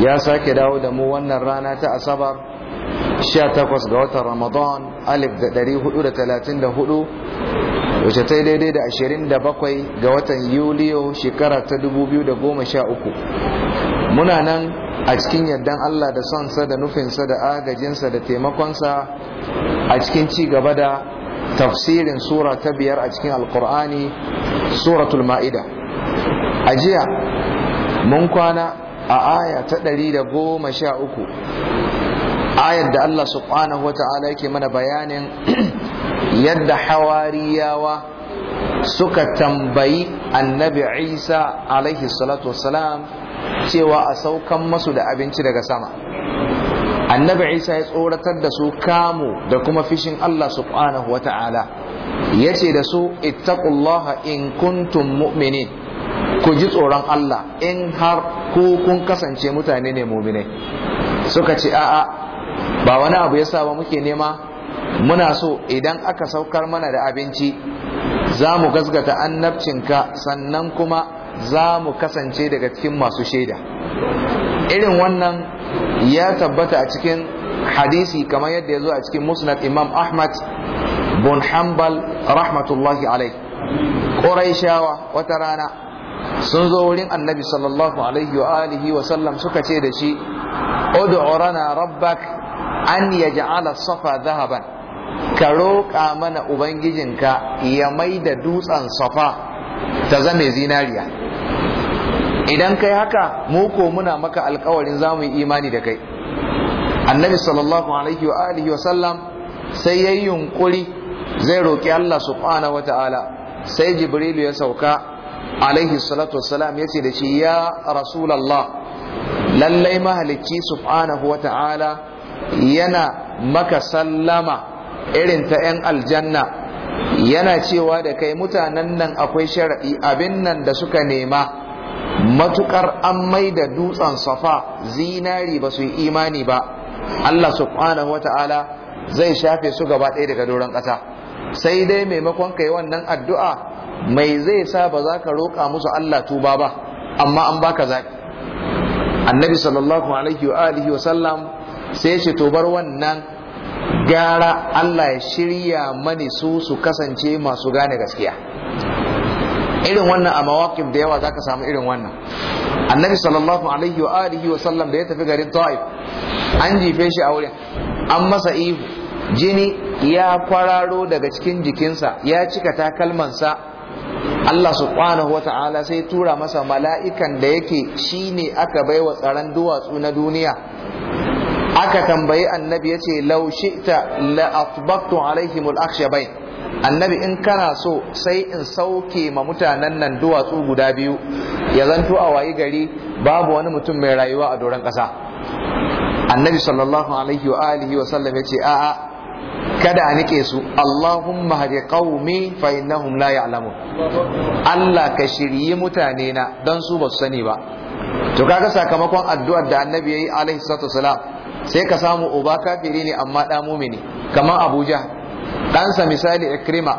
ya sake dawo da mu wannan rana ta asabar 18 ga watan ramadan 1434 wacce ta yi daidai da 27 ga watan yuliyo shekara ta 2013 muna nan a cikin yardan allah da sonsa da nufinsa da agajinsa da taimakonsa a cikin ci gaba da tafsirin sura ta biyar a cikin alkur'ani suratul ma'ida a jiya mun kwana a aya ta ɗari da goma sha uku ayar da Allah subhanahu wa ta'ala yake mana bayanin yadda hawariyawa suka tambayi annabi isa alaihi salatu wasalam cewa a saukan masu da abinci daga sama annabi isa ya tsoratar da su kamu da kuma fishin Allah subhanahu wa ta'ala ya ce da su ittaqullaha in kuntum mu'minin ku ji tsoron Allah in har ku kun kasance mutane ne mumine suka ce a'a ba wani abu yasa ba muke nema muna so idan aka saukar mana da abinci za mu gasgata annabcinka sannan kuma za mu kasance daga cikin masu shaida irin wannan ya tabbata a cikin hadisi kamar yadda ya zo a cikin musnad imam ahmad bin Hambal rahmatullahi alai shawa wata rana sun zo wurin annabi sallallahu alaihi wa alihi wa sallam suka ce da shi ud'u rana rabbak an yaj'ala safa dhahaban ka roƙa mana ubangijinka ya mai da dutsen safa ta zame zinariya idan kai haka mu ko muna maka alkawarin zamuyi yi imani da kai annabi sallallahu alaihi wa alihi wa sallam sai yayi yunkuri zai roƙi Allah subhanahu wa ta'ala sai jibrilu ya sauka alaihi salatu wassalam yace da shi ya rasulallah lallai mahalicci subhanahu ta'ala yana maka sallama irin ta 'yan aljanna yana cewa da kai mutanen nan akwai sharaɗi abin nan da suka nema matukar an maida da dutsen safa zinari ba su yi imani ba Allah subhanahu ta'ala zai shafe su gaba ɗaya daga doron ƙasa sai dai maimakon kai wannan addu'a mai zai sa ba za ka roƙa musu Allah tuba ba amma an baka zaɓi annabi sallallahu alaihi wa alihi wa sallam sai ce to bar wannan gara Allah ya shirya mani su su kasance masu gane gaskiya irin wannan a mawaƙif da yawa za ka samu irin wannan annabi sallallahu alaihi wa alihi wa sallam da ya tafi garin ta'if an jife shi a wurin an masa ihu jini ya kwararo daga cikin jikinsa ya cika takalmansa Allah subhanahu wa ta'ala sai tura masa mala'ikan da yake shi ne aka bai wa tsaron duwatsu na duniya aka tambayi annabi ya ce laushita la'atbaktu alaihimul bai. annabi in kana so sai in sauke ma mutanen nan duwatsu guda biyu ya zanto a wayi gari babu wani mutum mai rayuwa a doron ƙasa annabi sallallahu alaihi wa alihi wa sallam ya ce a'a kada a nike su Allahumma hadi qaumi fa innahum la ya'lamun Allah ka shiryi mutane na dan su basu sani ba to kaga sakamakon addu'ar da annabi yayi alaihi salatu wasalam sai ka samu uba kafiri ne amma da mumini kamar Abuja ɗansa misali Ikrima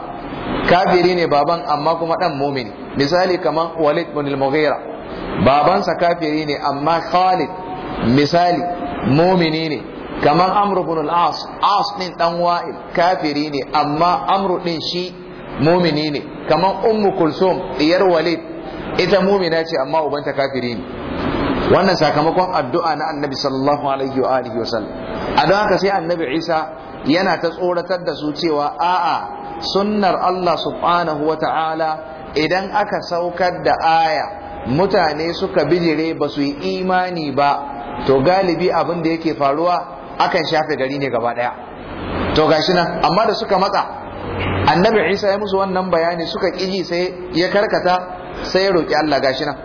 kafiri ne baban amma kuma dan mumini misali kamar Walid bin al-Mughira babansa kafiri ne amma Khalid misali mumini ne kamar amru bin al-as as din dan wa'il kafiri ne amma amru din shi mumini ne kamar ummu kulsum diyar walid ita mumina ce amma ubanta kafiri ne wannan sakamakon addu'a na annabi sallallahu alaihi wa alihi wasallam sallam a don haka sai annabi isa yana ta tsoratar da su cewa a'a sunnar allah subhanahu wa ta'ala idan aka saukar da aya mutane suka bijire ba su yi imani ba to galibi abin da yake faruwa akan shafe gari ne gaba daya to gashi nan amma da suka matsa annabi isa ya musu wannan bayani suka kiji sai ya karkata sai ya roki Allah gashi nan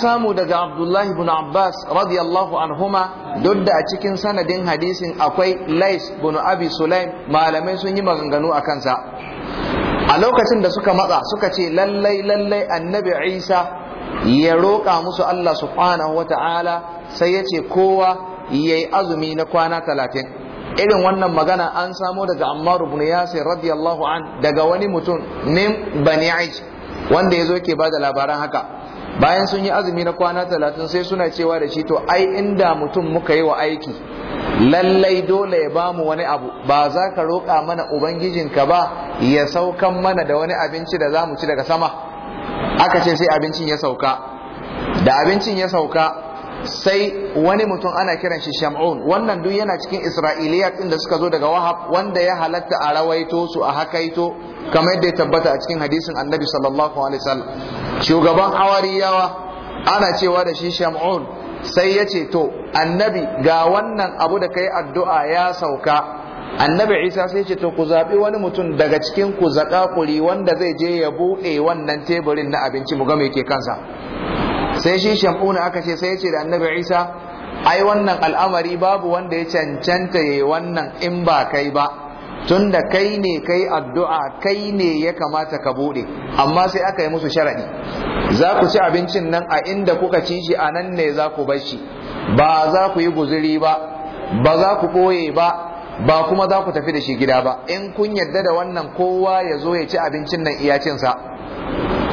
samu daga Abdullahi bin Abbas radiyallahu anhuma duk da a cikin sanadin hadisin akwai Lais bin Abi Sulaim malamai sun yi maganganu a kansa a lokacin da suka matsa suka ce lallai lallai annabi Isa ya roƙa musu Allah subhanahu wa ta'ala sai ya ce kowa ya yi azumi na kwana talatin irin wannan magana an samo daga Ammar ibn Yasir radiyallahu an daga wani mutum ne Bani Aish wanda ya zo ke ba da labaran haka bayan sun yi azumi na kwana talatin sai suna cewa da shi to ai inda mutum muka yi wa aiki lallai dole ya ba mu wani abu ba za ka roƙa mana ubangijinka ba ya saukan mana da wani abinci da za mu ci daga sama aka ce sai abincin ya sauka da abincin ya sauka sai wani mutum ana kiran shi sham'un wannan duk yana cikin isra'iliya din da suka zo daga wahab wanda ya halatta a rawaito su a hakaito kamar yadda ya tabbata a cikin hadisin annabi sallallahu alaihi wasallam shugaban awariyawa ana cewa da shi shamun sai ya ce to annabi ga wannan abu da kai addu'a ya sauka annabi isa sai ce to ku zaɓi wani mutum daga cikin ku kuri wanda zai je ya buɗe wannan teburin na abinci mu game ke kansa sai shi shamuna aka ce sai ya ce da annabi isa ai wannan al'amari babu wanda ya cancanta ya yi wannan in ba kai ba tun da kai ne kai addu'a kai ne ya kamata ka bude. amma sai aka yi musu sharaɗi za ku ci abincin nan a inda kuka ci shi a nan ne za ku bar shi ba za ku yi guziri ba ba za ku ɓoye ba ba kuma za ku tafi da shi gida ba in kun yadda da wannan kowa ya zo ya ci abincin nan sa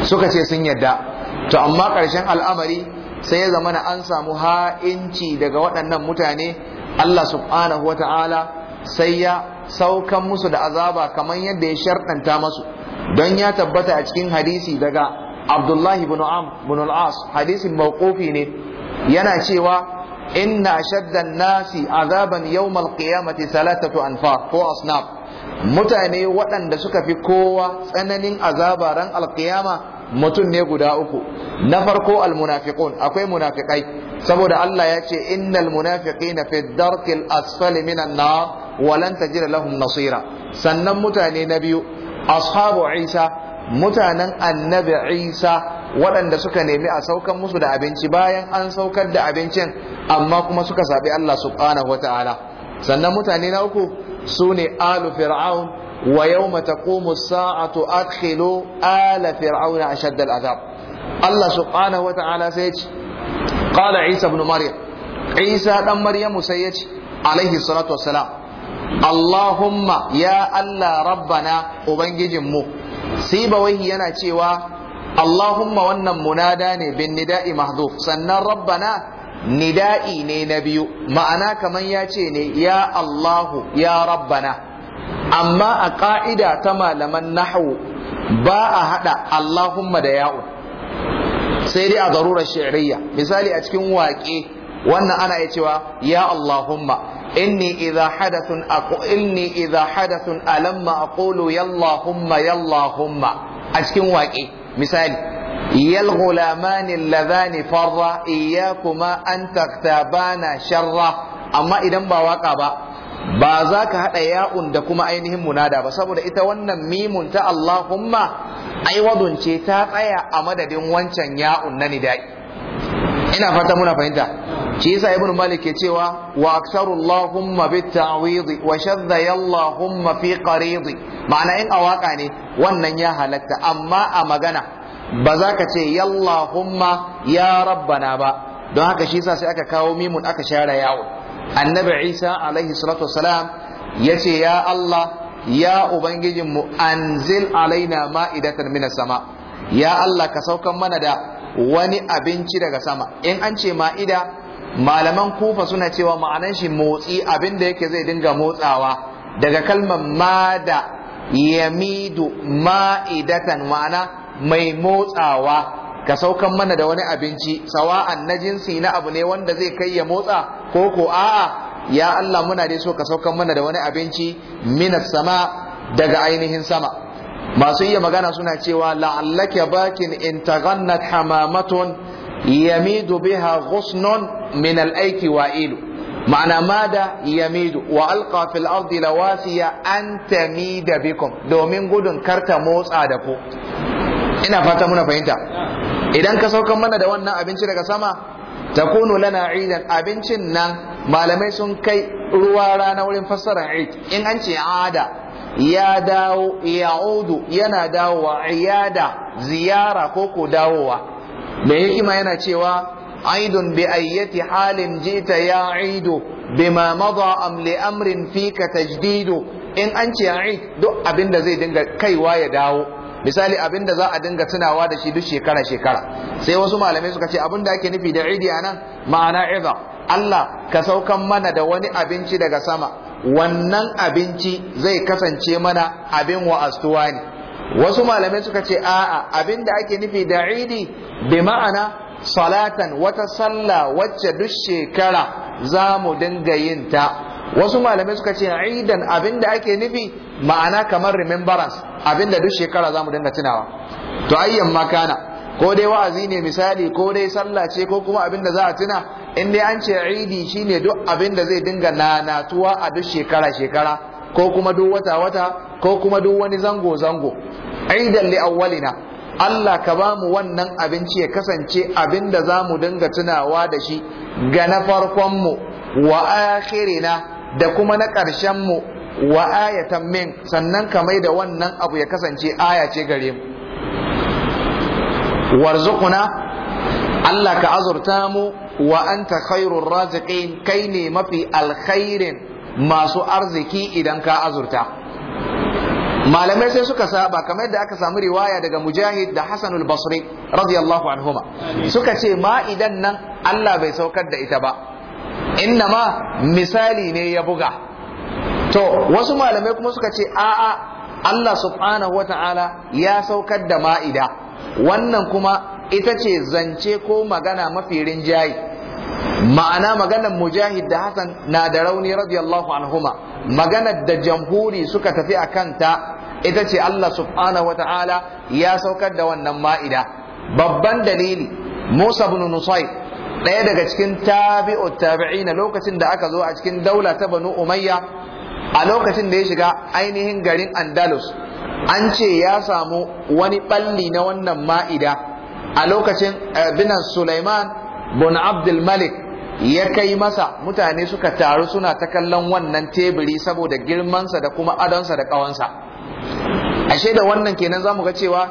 suka ce sun yadda to amma ƙarshen al'amari sai ya zama na an samu ha'inci daga waɗannan mutane Allah subhanahu wa ta'ala sai ya saukan musu da azaba kamar yadda ya sharɗanta masu don ya tabbata a cikin hadisi daga Abdullahi ibn Am as hadisin mawqufi ne yana cewa inna ashadda nasi azaban yawm al salatatu anfar ko asnaf mutane waɗanda suka fi kowa tsananin azaba ran al mutum ne guda uku na farko almunafiqun akwai munafiqai saboda Allah ya ce innal munafiqina fi darkil asfali minan nar walan tajida lahum nasira sannan mutane na biyu ashabu isa mutanen annabi isa waɗanda suka nemi a saukan musu da abinci bayan an saukar da abincin amma kuma suka saɓi Allah subhanahu wa ta'ala sannan mutane na uku su ne alu fir'aun wa yawma taqumu as-sa'atu adkhilu ala fir'auna ashadda al-azab Allah subhanahu wa ta'ala sai ce qala Isa ibn Maryam Isa dan Maryamu sai ya ce alaihi salatu wassalam Allahumma ya Allah rabbana ubangijinmu sai bawahi yana cewa Allahumma wannan munada ne bin nida'i mahdhuf sannan rabbana nida'i ne na biyu ma'ana kaman ya ce ne ya Allahu ya rabbana amma a ƙa'ida ta malaman nahu ba a haɗa Allahumma da ya'u sai dai a garurar shi'riya misali a cikin waƙe wannan ana iya cewa ya Allahumma inni idza hadathun aqu inni idza hadathun alamma aqulu yallahumma yallahumma a cikin waƙe misali يا الغلامان اللذان فر إياكما أن تغتابانا sharra, amma idan ba waka ba ba za ka haɗa ya'un da kuma ainihin munada ba saboda ita wannan mimun ta Allahumma ai ce ta tsaya a madadin wancan ya'un na nida'i ina fata muna fahimta shi yasa ibn malik ke cewa wa aksaru allahumma bit ta'widi wa shadda yallahumma fi qaridi ma'ana in a waka ne wannan ya halatta amma a magana ba za ka ce yallahumma ya rabbana ba don haka shi yasa sai aka kawo mimun aka share yawo annabi isa alaihi salatu wasalam yace ya allah ya ubangijin mu anzil alaina ma'idatan minas sama ya allah ka saukan mana da wani abinci daga sama in an ce ma'ida malaman kufa suna cewa ma'anan shi motsi abin da yake zai dinga motsawa daga kalmar mada yamidu ma'idatan ma'ana mai motsawa ka saukan mana da wani abinci sawa'an na jinsi na abu ne wanda zai kai ya motsa ko ko a'a ya Allah muna dai so ka saukan mana da wani abinci minas sama daga ainihin sama masu iya magana suna cewa la'allaka bakin in hamamatun yamidu biha ghusnun min al-aiki wa ilu ma'ana mada yamidu wa alqa fil ardi lawasiya Anta mida bikum domin gudun karta motsa da ku ina fata muna fahimta idan ka saukan mana da wannan abinci daga sama kunu lana idan abincin nan malamai sun kai ruwa rana wurin fassarar id in an ce ada ya dawo ya'udu yana dawowa iyada ziyara ko dawowa mai hikima yana cewa aidun bi ayyati halin jita ya aidu bima mada am li amrin fika tajdidu in an ce aid duk abinda zai dinga kaiwa ya dawo misali abinda za a dinga tunawa da shi duk shekara shekara sai wasu malamai suka ce abin da ake nufi da aidi anan ma'ana iza Allah ka saukan mana da wani abinci daga sama wannan abinci zai kasance mana abin wa'astuwa ne wasu malamai suka ce a'a abinda ake nufi da idi bi ma'ana salatan wata sallah wacce duk shekara za mu dinga yin ta wasu malamai suka ce idan abinda ake nufi ma'ana kamar remembrance abinda duk shekara za mu dinga tunawa to ayyan makana ko dai wa'azi ne misali ko dai sallah ce ko kuma abin da za a tuna in dai an ce idi shine duk abin da zai dinga nanatuwa a duk shekara shekara ko kuma duk wata wata ko kuma duk wani zango zango aidan li awwalina Allah ka ba mu wannan abinci ya kasance abin da za mu dinga tunawa da shi ga na farkonmu wa akhirina da kuma na ƙarshenmu wa ayatan min sannan ka mai da wannan abu ya kasance aya ce gare mu warzuquna Allah ka azurta mu wa anta khairur raziqin kai ne mafi alkhairin masu arziki idan ka azurta malamai sai suka saba kamar da aka samu riwaya daga mujahid da hasanul basri radiyallahu anhuma suka ce ma idan nan Allah bai saukar da ita ba inna ma misali ne ya buga to wasu malamai kuma suka ce a'a Allah subhanahu wata'ala ya saukar da ma'ida wannan kuma ita ce zance ko magana mafi rinjaye ma'ana maganar mujahid da Hassan na da rauni radiyallahu anhuma maganar da jamhuri suka tafi a kanta ita ce Allah subhanahu ta'ala ya saukar da wannan ma'ida babban dalili Musa bin Nusayr ɗaya daga cikin tabi'u na lokacin da aka zo a cikin daula ta Banu Umayya a lokacin da ya shiga ainihin garin Andalus an ce ya samu wani balli na wannan ma'ida a lokacin eh, binan Sulaiman bin Abdulmalik ya kai masa mutane suka taru suna ta kallon wannan teburi saboda girmansa da kuma adonsa da kawansa ashe da wannan kenan za mu ga cewa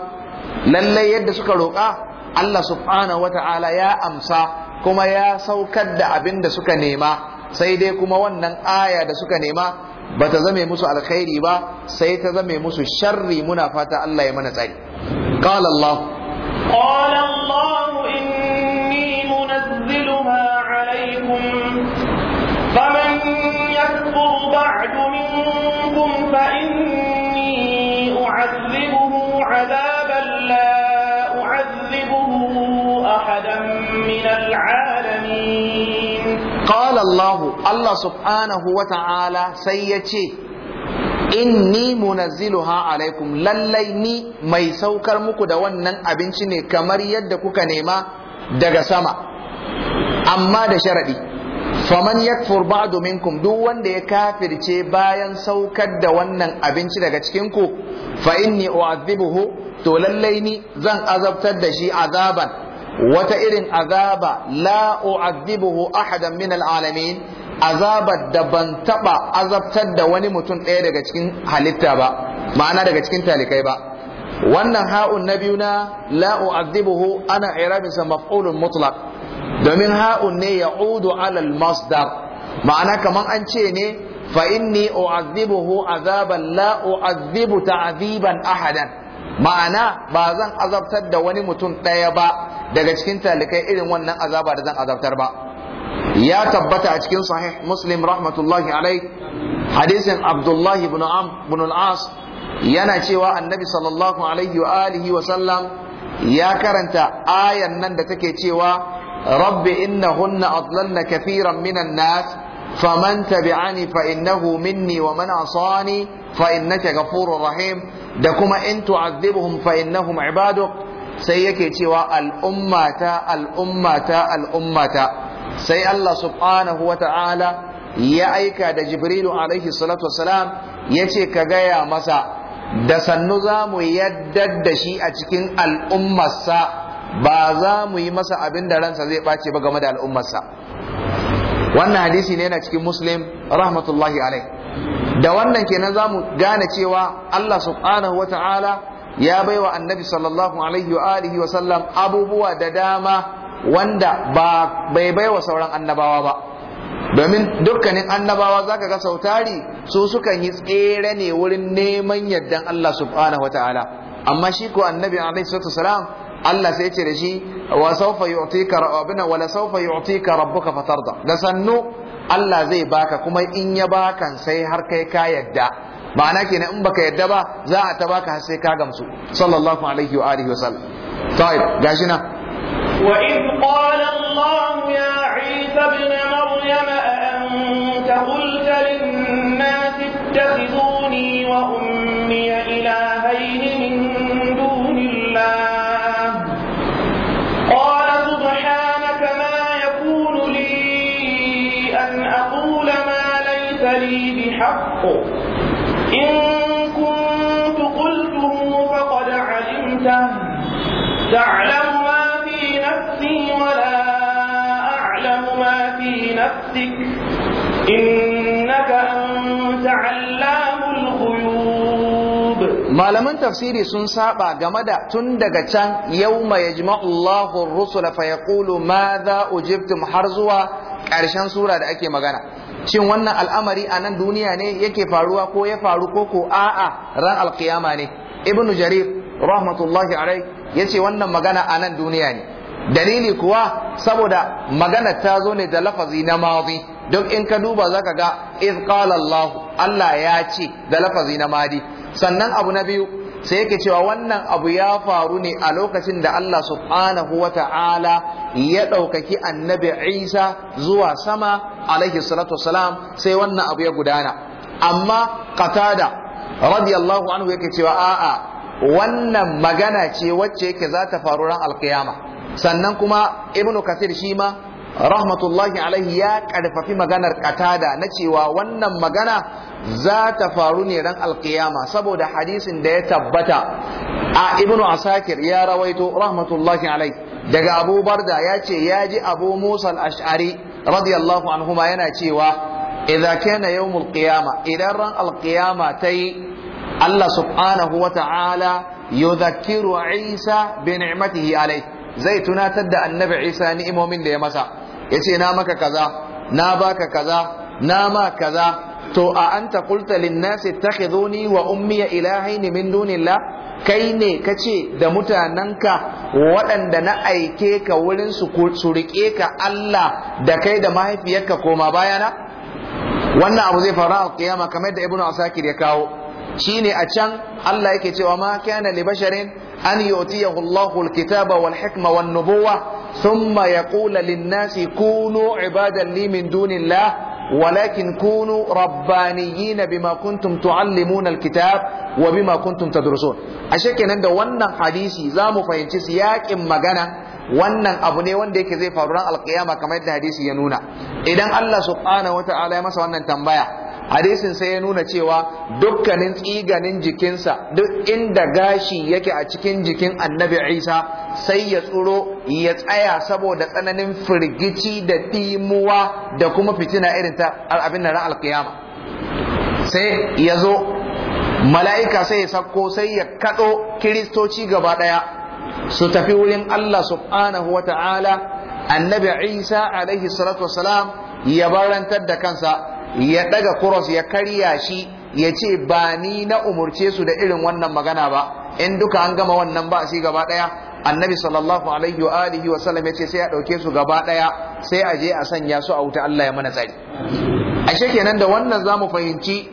lallai yadda suka roƙa Allah subhanahu wa ta'ala ya amsa kuma ya saukar da abin da suka nema sai dai kuma wannan aya da suka nema ba ta zame musu alkhairi ba sai ta zame musu sharri muna fata Allah ya mana tsari qala Allah يكفر بعد منكم فإني أعذبه عذابا لا أعذبه أحدا من العالمين قال الله الله سبحانه وتعالى سيتي inni munazziluha alaikum lallai ni mai saukar muku da wannan abinci ne kamar yadda kuka nema daga sama amma da sharaɗi. faman yakfur ba'du minkum duk wanda ya kafirce bayan saukar da wannan abinci daga cikin ku fa inni u'adhibuhu to lallai ni zan azabtar da shi azaban wata irin azaba la u'adhibuhu ahadan min alalamin azabar da ban taba azabtar da wani mutum ɗaya daga cikin halitta ba ma'ana daga cikin talikai ba wannan ha'un na biyu na la u'adhibuhu ana irabinsa maf'ulun mutlaq domin ha'un ne ya'udu alal masdar ma'ana kamar an ce ne fa inni u'azzibuhu azaban la u'azzibu ahadan ma'ana ba zan azabtar da wani mutum ɗaya ba daga cikin talikai irin wannan azaba da zan azabtar ba ya tabbata a cikin sahih muslim rahmatullahi alai hadisin abdullahi ibn yana cewa annabi sallallahu alaihi wa alihi wa sallam ya karanta ayan nan da take cewa rabbi innahunna adlalna kathiran minan nas faman tabi'ani fa innahu minni wa man asani fa innaka ghafurur rahim da kuma in tu'adhibuhum fa innahum ibaduk sai yake cewa al'ummata al'ummata al'ummata sai Allah subhanahu ya aika da Jibrilu alaihi salatu ya ce ka gaya masa da sannu za mu yaddar da shi a cikin al'ummarsa ba za mu yi masa abin da ransa zai ɓace ba game da al'ummarsa wannan hadisi ne yana cikin muslim rahmatullahi alai da wannan kenan za mu gane cewa Allah subhanahu wa ta'ala ya baiwa annabi sallallahu alaihi wa alihi wa sallam abubuwa da dama wanda ba bai baiwa sauran annabawa ba domin dukkanin annabawa zaka ga sautari su sukan yi tsere ne wurin neman yardan Allah subhanahu wa ta'ala amma shi ko annabi alaihi salatu Allah sai ce da shi wa sawfa yu'tika rabbuna wa la sawfa yu'tika rabbuka fatarda da sannu Allah zai baka kuma in ya baka sai har kai ka yadda ma'ana kenan in baka yadda ba za a ta baka har sai ka gamsu sallallahu alaihi wa alihi wa sallam طيب جاشنا وإذ قال الله يا عيسى ابن مريم أأنت قلت للناس اتخذوني وأمي إله الحق إن كنت تعلم ما في نفسي ولا أعلم ما في نفسك إنك أنت علام malaman tafsiri sun saɓa game da tun daga can yawma yajma'u Allahu ar-rusula fa yaqulu ujibtum har zuwa ƙarshen sura da ake magana shin wannan al'amari a nan duniya ne yake faruwa ko ya faru ko ko a'a ran alkiyama ne Ibn jarir rahmatullahi alai ce wannan magana a nan duniya ne dalili kuwa saboda magana ta zo ne da lafazi na mazi duk in ka duba zaka ga iz qala allah ya ce da lafazi na madi sannan abu na biyu sai yake cewa wannan abu ya faru ne a lokacin da Allah subhanahu wa ta'ala ya ɗaukaki annabi Isa zuwa sama alaihi salatu salam, sai wannan abu ya gudana amma qatada radiyallahu anhu yake cewa a'a wannan magana ce wacce yake za ta faru ran alkiyama sannan kuma ibnu kasir shi ma rahmatullahi alaihi ya karfafi maganar katada na cewa wannan magana za ta faru ne ran alkiyama saboda hadisin da ya tabbata a ibnu asakir ya rawaito rahmatullahi alaihi daga abu barda ya ce ya ji abu musa al-ash'ari radiyallahu anhuma yana cewa idza kana yawmul qiyama idan ran alkiyama tayi Allah subhanahu wa ta'ala yudhakkiru Isa bi ni'matihi alayhi zai tunatar da annabi Isa ni'imomin da ya masa ya ce na maka kaza na baka kaza na ma kaza to a an anta qulta lin nasi takhizuni wa ummi ilahaini min dunillah kai ne ka ce da mutananka waɗanda na aike ka wurin su riƙe ka Allah da kai da mahaifiyarka koma bayana wannan abu zai faru a kiyama kamar da ibnu asakir ya kawo Shi ne a can Allah yake cewa ma kana li basharin أن يؤتيه الله الكتاب والحكمة والنبوة ثم يقول للناس كونوا عبادا لي من دون الله ولكن كونوا ربانيين بما كنتم تعلمون الكتاب وبما كنتم تدرسون أشكي نند ونن حديثي زامو فينتي سياك إما wannan abu ne wanda yake zai faru ran alkiyama kamar yadda hadisi ya nuna idan Allah subhanahu wataala ya masa wannan tambaya hadisin sai ya nuna cewa dukkanin tsiganin jikinsa duk inda gashi yake a cikin jikin annabi isa sai ya tsuro ya tsaya saboda tsananin firgici da timuwa da kuma fitina irin ta al'abin na kiyama sai ya zo mala'ika sai ya sakko sai ya kaɗo kiristoci gaba ɗaya su tafi wurin allah subhanahu wa ta'ala annabi isa alaihi salatu wasalam ya barantar da kansa ya daga cross ya karya shi ya ce ba ni na umurce su da irin wannan magana ba in duka an gama wannan ba sai gaba daya annabi sallallahu alaihi wa alihi wa sallam yace sai a dauke su gaba daya sai a je a sanya su a wuta Allah ya mana tsari ashe kenan da wannan zamu fahimci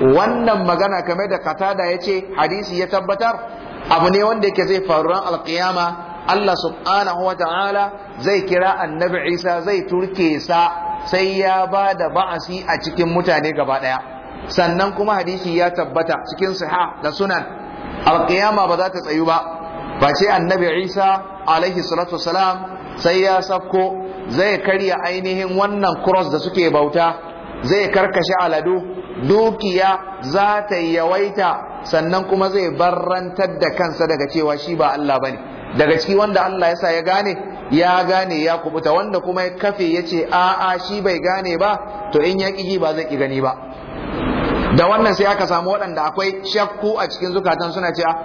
wannan magana kamar da katada ya ce hadisi ya tabbatar abu ne wanda yake zai faru ran alqiyama Allah subhanahu wa ta'ala zai kira annabi Isa zai turke sa sai ya ba da ba'asi a cikin mutane gaba ɗaya sannan kuma hadisi ya tabbata cikin siha da sunan alƙiyama ba za ta tsayu ba ba ce annabi Isa alaihi salatu salam sai ya safko zai karya ainihin wannan cross da suke bauta zai karkashe aladu dukiya za ta yawaita sannan kuma zai barrantar da kansa daga cewa shi ba Allah bane daga ciki wanda Allah ya sa ya gane ya gane ya kubuta wanda kuma ya kafe ya ce a'a shi bai gane ba to in ya ƙi ba zai ƙi gani ba da wannan sai aka samu waɗanda akwai shakku a cikin zukatan suna cewa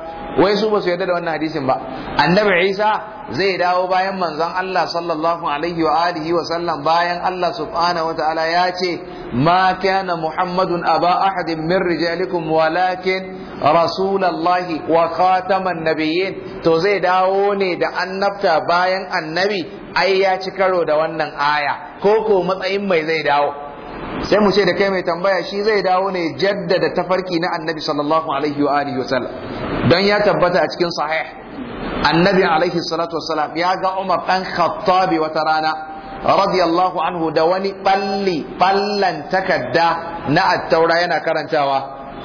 wai su ba su yarda da wannan hadisin ba annabi isa zai dawo bayan manzon Allah sallallahu alaihi wa alihi wa sallam bayan Allah subhanahu wa ta'ala ya ce ma kana muhammadun aba ahadin min rijalikum walakin rasulallahi wa khataman nabiyyin to zai dawo ne da annabta bayan annabi ai ya ci karo da wannan aya ko ko matsayin mai zai dawo sai mu ce da kai mai tambaya shi zai dawo ne jaddada tafarki na annabi sallallahu alaihi wa alihi wa sallam don ya tabbata a cikin sahih annabi alaihi salatu wassalam ya ga umar dan khattabi wata rana radiyallahu anhu da wani balli ballan takadda na attaura yana karantawa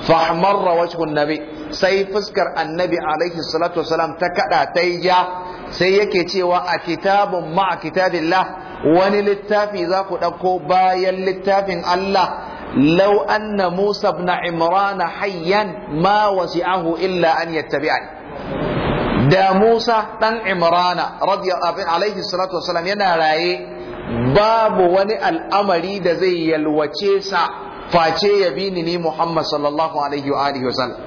fahmarra wajhun nabi sai fuskar annabi alaihi salatu wassalam ta kada ta ja sai yake cewa a kitabun a kitabillah wani littafi za ku ɗauko bayan littafin Allah لو أن موسى بن عمران حيا ما وسعه إلا أن يتبعني da Musa ɗan Imrana abin alaihi salatu wasalam yana raye babu wani al'amari da zai yalwace sa face ya bi ni Muhammad sallallahu alaihi wa alihi wasallam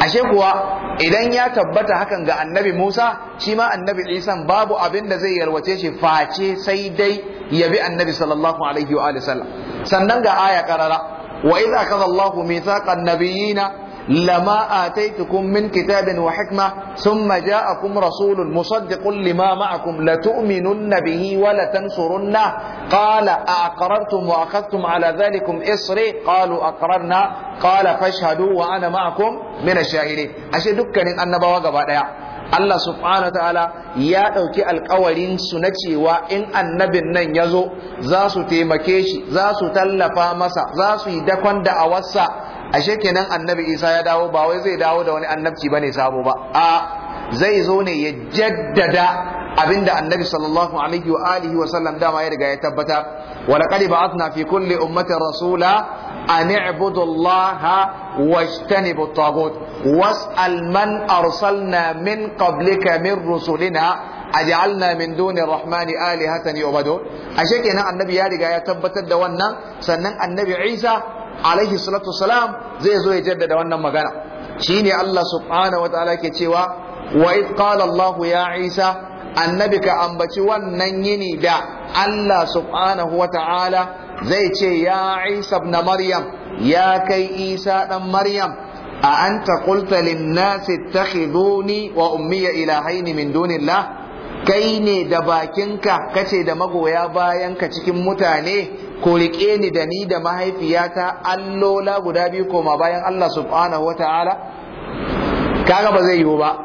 ashe kuwa idan ya tabbata hakan ga annabi Musa shi ma annabi Isa babu abin da zai yalwace shi face sai dai ya bi annabi sallallahu alaihi wa alihi wasallam sannan ga aya karara wa iza akhadha Allahu mithaqan nabiyina لما آتيتكم من كتاب وحكمة ثم جاءكم رسول مصدق لما معكم لتؤمنن به ولتنصرنه قال أأقررتم وأخذتم على ذلكم إصري قالوا أقررنا قال فاشهدوا وأنا معكم من الشاهدين أشهد دكان أن بواقع Allah subhanahu wa ta'ala ya ɗauki alkawarin su na cewa in annabin nan ya zo za su taimake shi za su tallafa masa za su yi dakon da'awarsa ashe kenan annabi isa ya dawo ba wai zai dawo da wani annabci bane sabo ba a zai zo ne ya jaddada abinda annabi sallallahu alaihi wa alihi wa sallam dama ya riga ya tabbata wa laqad ba'athna fi kulli ummatin rasula an i'budu allaha wajtanibu at-taghut was'al man arsalna min qablika min rusulina aj'alna min duni rahmani alihatan yu'badun ashe kenan annabi ya riga ya tabbatar da wannan sannan annabi Isa alaihi salatu salam zai zo ya jaddada wannan magana shine Allah subhanahu wataala ke cewa wa id qala Allah ya Isa annabi ka ambaci wannan yini da Allah subhanahu wataala zai ce ya Isa ibn Maryam ya kai Isa dan Maryam a anta qulta lin nasi ittakhiduni wa ummiya ilahaini min dunillah kai ne da bakinka kace da magoya bayan ka cikin mutane ko riƙe ni da ni da mahaifiyata allola guda biyu koma bayan Allah subhanahu wa ta'ala kaga ba zai yiwu ba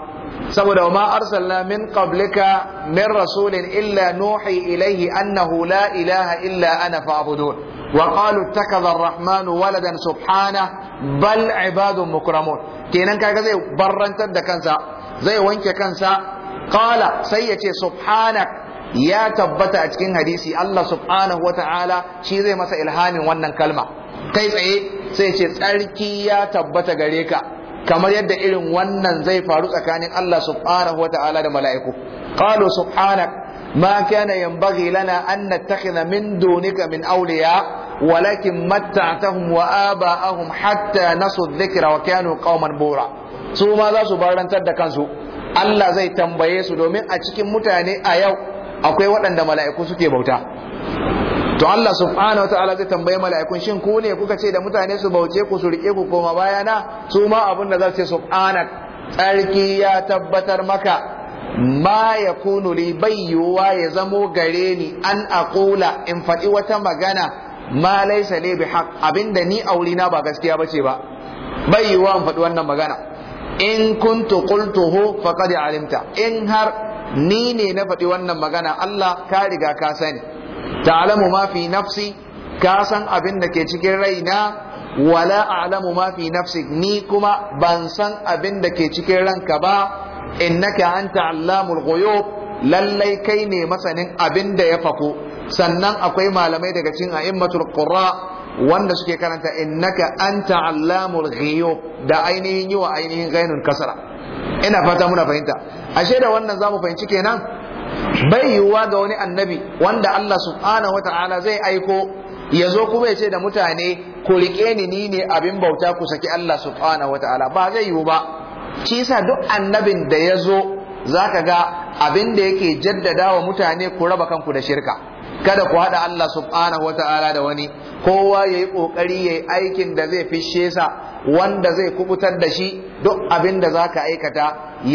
saboda ma arsalna min qablika min rasulin illa nuhi ilaihi annahu la ilaha illa ana fa'budun qalu takaza arrahmanu waladan subhana bal عباد mukramun kenan kaga zai barrantar da kansa zai wanke kansa qala sai ya ce subhanak ya tabbata a cikin hadisi Allah subhanahu ta'ala shi zai masa ilhamin wannan kalma kai tsaye sai ce tsarki ya tabbata gare ka kamar yadda irin wannan zai faru tsakanin Allah subhanahu ta'ala da mala'iku qalu subhanak ما lana ينبغي لنا أن نتخذ من دونك من أولياء ولكن متعتهم وآباءهم حتى نسوا wa وكانوا قوما بورا su ma za su barantar da kansu Allah zai tambaye su domin a cikin mutane a yau akwai waɗanda mala'iku suke bauta to Allah subhanahu wa ta'ala zai tambaye mala'ikun shin ku ne kuka ce da mutane su bauce ku su riƙe ku koma bayana su ma abin da za su ce subhanak tsarki ya tabbatar maka ma ya kunu bayyuwa ya zamo gare ni an aƙula in faɗi wata magana ma laisa bi haƙ abin abinda ni na ba gaskiya ba ce ba bayyuwa in faɗi wannan magana in kuntu qultuhu faqad alimta in har ni ne na faɗi wannan magana Allah ka riga ka sani ta'lamu ma fi nafsi ka san abin da ke cikin raina wala a'lamu ma fi nafsi ni kuma ban san abin da ke cikin ranka ba innaka anta allamul ghuyub lallai kai ne masanin abin da ya fako sannan akwai malamai daga cikin a'immatul qurra wanda suke karanta innaka anta allamul ghuyub da ainihin yiwa ainihin ghainun kasara ina fata muna fahimta ashe da wannan zamu fahimci kenan bai yiwuwa ga wani annabi wanda Allah subhanahu wataala zai aiko ya zo kuma ya ce da mutane ku riƙe ni ni ne abin bauta ku saki Allah subhanahu wataala ba zai yiwu ba shi yasa duk annabin da ya zo zaka ga abin da yake jaddada wa mutane ku raba kanku da shirka kada ku hada Allah subhanahu wataala da wani kowa yayi kokari yayi aikin da zai fishe sa wanda zai kubutar da shi duk abin da ka aikata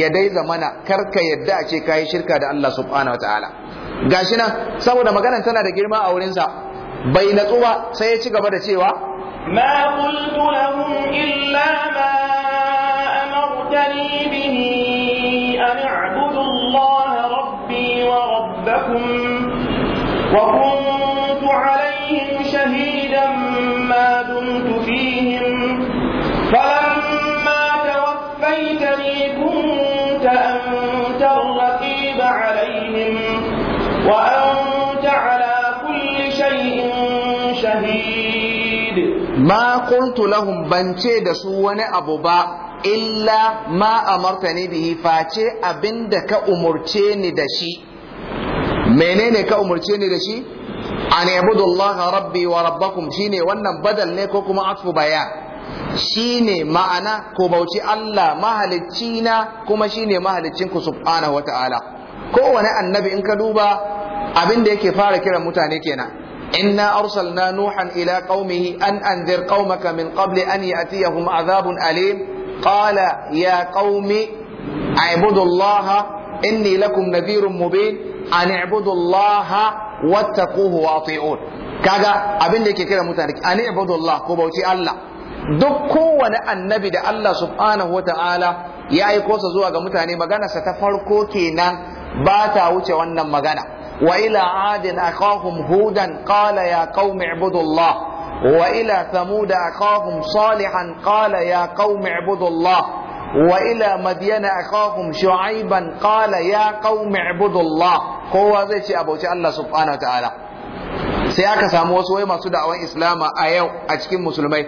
ya dai zamana karka yadda a ce kai shirka da Allah subhanahu wataala gashi nan saboda maganar tana da girma a wurin sa bai natsu ba sai ya ci gaba da cewa ma qultu lahum illa ma amartani bihi an a'budu Allah rabbi wa rabbakum وكنت عليهم شهيدا ما دمت فيهم فلما توفيتني كنت أنت الرقيب عليهم وأنت على كل شيء شهيد ما قلت لهم بنشي دسو أبو با illa ma amartani bihi face abinda ka umurce ni da shi menene ka umurce ni da shi an yabudu Allah rabbi wa rabbakum shine wannan badal ne ko kuma atfu baya shine ma'ana ko bauci Allah mahalicci na kuma shine mahaliccin ku subhanahu ta'ala kowane annabi in ka duba abin da yake fara kiran mutane kenan inna arsalna nuhan ila qaumihi an anzir qaumaka min kabli an ya'tiyahum azabun alim qala ya qaumi a'budu Allah inni lakum nadhirun mubin an ibudu Allah wattaquhu wa ati'un kaga abin da yake kira mutane an ibudu Allah ko bauci Allah duk kowane annabi da Allah subhanahu wata'ala ta'ala ya yi sa zuwa ga mutane maganarsa ta farko kenan ba ta wuce wannan magana wa ila adin akahum hudan qala ya qaumi ibudullah wa ila thamud akahum salihan qala ya qaumi ibudullah وإلى مدين أخاهم شعيبا قال يا قوم اعبدوا الله kowa زي شيء أبو الله سبحانه وتعالى sai aka samu wasu wai masu da'awan islama a yau a cikin musulmai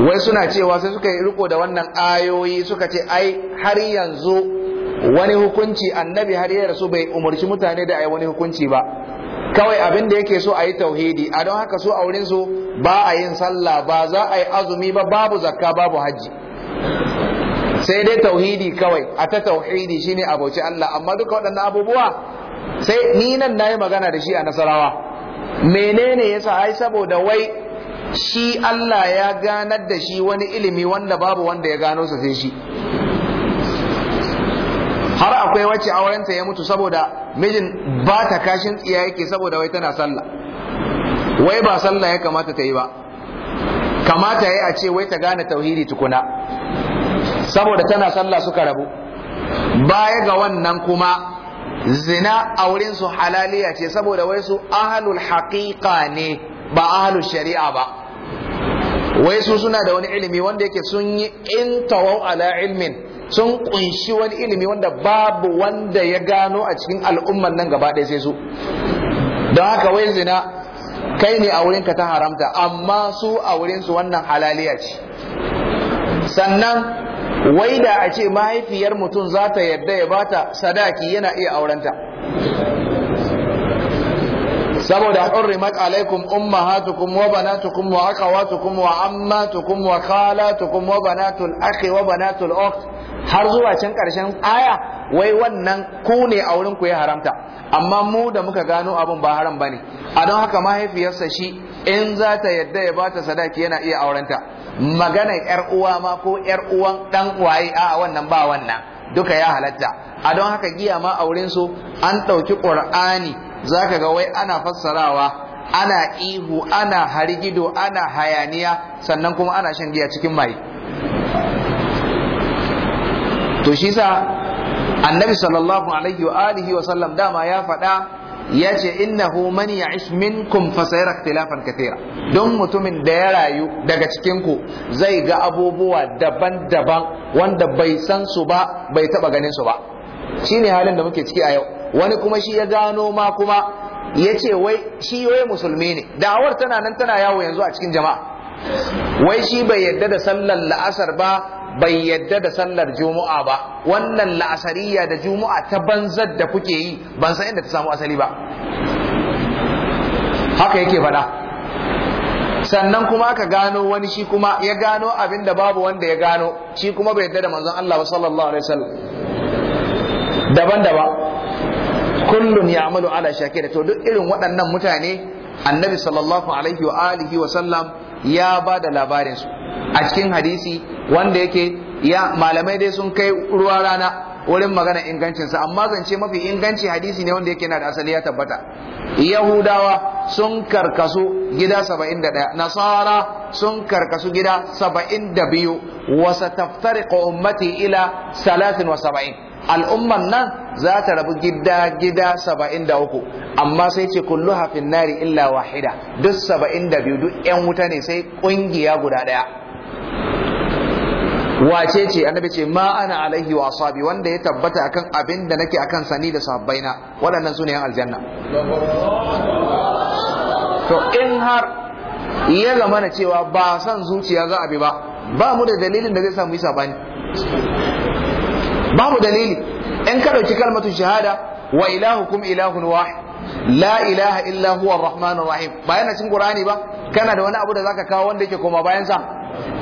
wai suna cewa sai suka yi riko da wannan ayoyi suka ce ai har yanzu wani hukunci annabi har ya rasu bai umarci mutane da ai wani hukunci ba kawai abin da yake so ayi tauhidi a don haka so a wurin su ba a yin sallah ba za a yi azumi ba babu zakka babu hajji sai dai tauhidi kawai a ta tauhidi shine abauci Allah amma duka waɗannan abubuwa sai ni nan yi magana da shi a nasarawa menene yasa ai saboda wai shi Allah ya ganar da shi wani ilimi wanda babu wanda ya gano sa sai shi har akwai wacce aurenta ya mutu saboda mijin ba ta kashin tsiya yake saboda wai tana sallah wai ba sallah ya kamata ta yi ba kamata ya a ce wai ta gane tauhidi tukuna saboda tana sallah suka rabu baya ga wannan kuma zina a wurin su halaliya ce saboda wai su ahalul haqiqa ne ba ahalul shari'a ba wai su suna da wani ilimi wanda yake sun yi intawau ala ilmin sun kunshi wani ilimi wanda babu wanda ya gano a cikin al'umman nan gaba ɗaya sai su don haka wai zina kai ne a wurinka ta haramta amma su a wurin su wannan halaliya ce sannan wai da a ce mahaifiyar mutum za ta yadda ya ba ta sadaki yana iya aurenta saboda hurrimat alaikum ummahatukum wa banatukum wa akhawatukum wa ammatukum wa khalatukum wa banatul akhi wa banatul ukht har zuwa can karshen aya wai wannan ku ne a wurin ku ya haramta amma mu da muka gano abun ba haram bane a don haka mahaifiyarsa shi in za ta yadda ya ba ta sadaki yana iya aurenta Maganar yar uwa ma ko yar uwan ɗan waye a wannan ba wannan duka ya halatta a don haka giya ma wurin su an ɗauki ƙur'ani zaka ga wai ana fassarawa ana ihu ana harigido ana hayaniya sannan kuma ana shan giya cikin mai to shi sa annabi sallallahu alaihi wa alihi wa sallam dama ya faɗa ya ce innahu man ya'ish minkum fa sayara ikhtilafan katira don mutumin da ya rayu daga cikin ku zai ga abubuwa daban-daban wanda bai san su ba bai taba ganin su ba Shi ne halin da muke ciki a yau wani kuma shi ya gano ma kuma ya ce wai shi wai musulmi ne da'awar tana nan tana yawo yanzu a cikin jama'a wai shi bai yadda da sallar la'asar ba bai yadda da sallar juma'a ba wannan la'asariya da juma'a ta banzar da kuke yi ban san inda ta samu asali ba haka yake faɗa sannan kuma aka gano wani shi kuma ya gano abin da babu wanda ya gano shi kuma bai yadda da manzon Allah ba sallallahu alaihi wasallam daban-daban kullun ya'malu ala shakira to duk irin waɗannan mutane annabi sallallahu alaihi wa alihi wa sallam ya ba da labarinsu a cikin hadisi wanda yake ya malamai dai sun kai ruwa rana wurin magana ingancinsa amma zance mafi inganci hadisi ne wanda yake na da asali ya tabbata yahudawa sun karkasu gida saba'in nasara sun karkasu gida saba'in da biyu wasa taftariqa ummati ila salatin al'umman nan za ta rabu gida gida saba'in da uku amma sai ce kullu hafin nari illa wahida duk saba'in da biyu duk yan wuta ne sai ƙungiya guda ɗaya wace ce annabi ce ma ana alaihi wa ashabi wanda ya tabbata akan abin da nake akan sani da sahabbaina waɗannan su ne yan aljanna to in har ya zamana cewa ba san zuciya za a bi ba ba mu da dalilin da zai samu yi sabani babu dalili in ka ɗauki kalmatu shahada wa kum ilahun wahid la ilaha illa huwa arrahmanur rahim ba yana cin qur'ani ba kana da wani abu da zaka kawo wanda yake koma bayan sa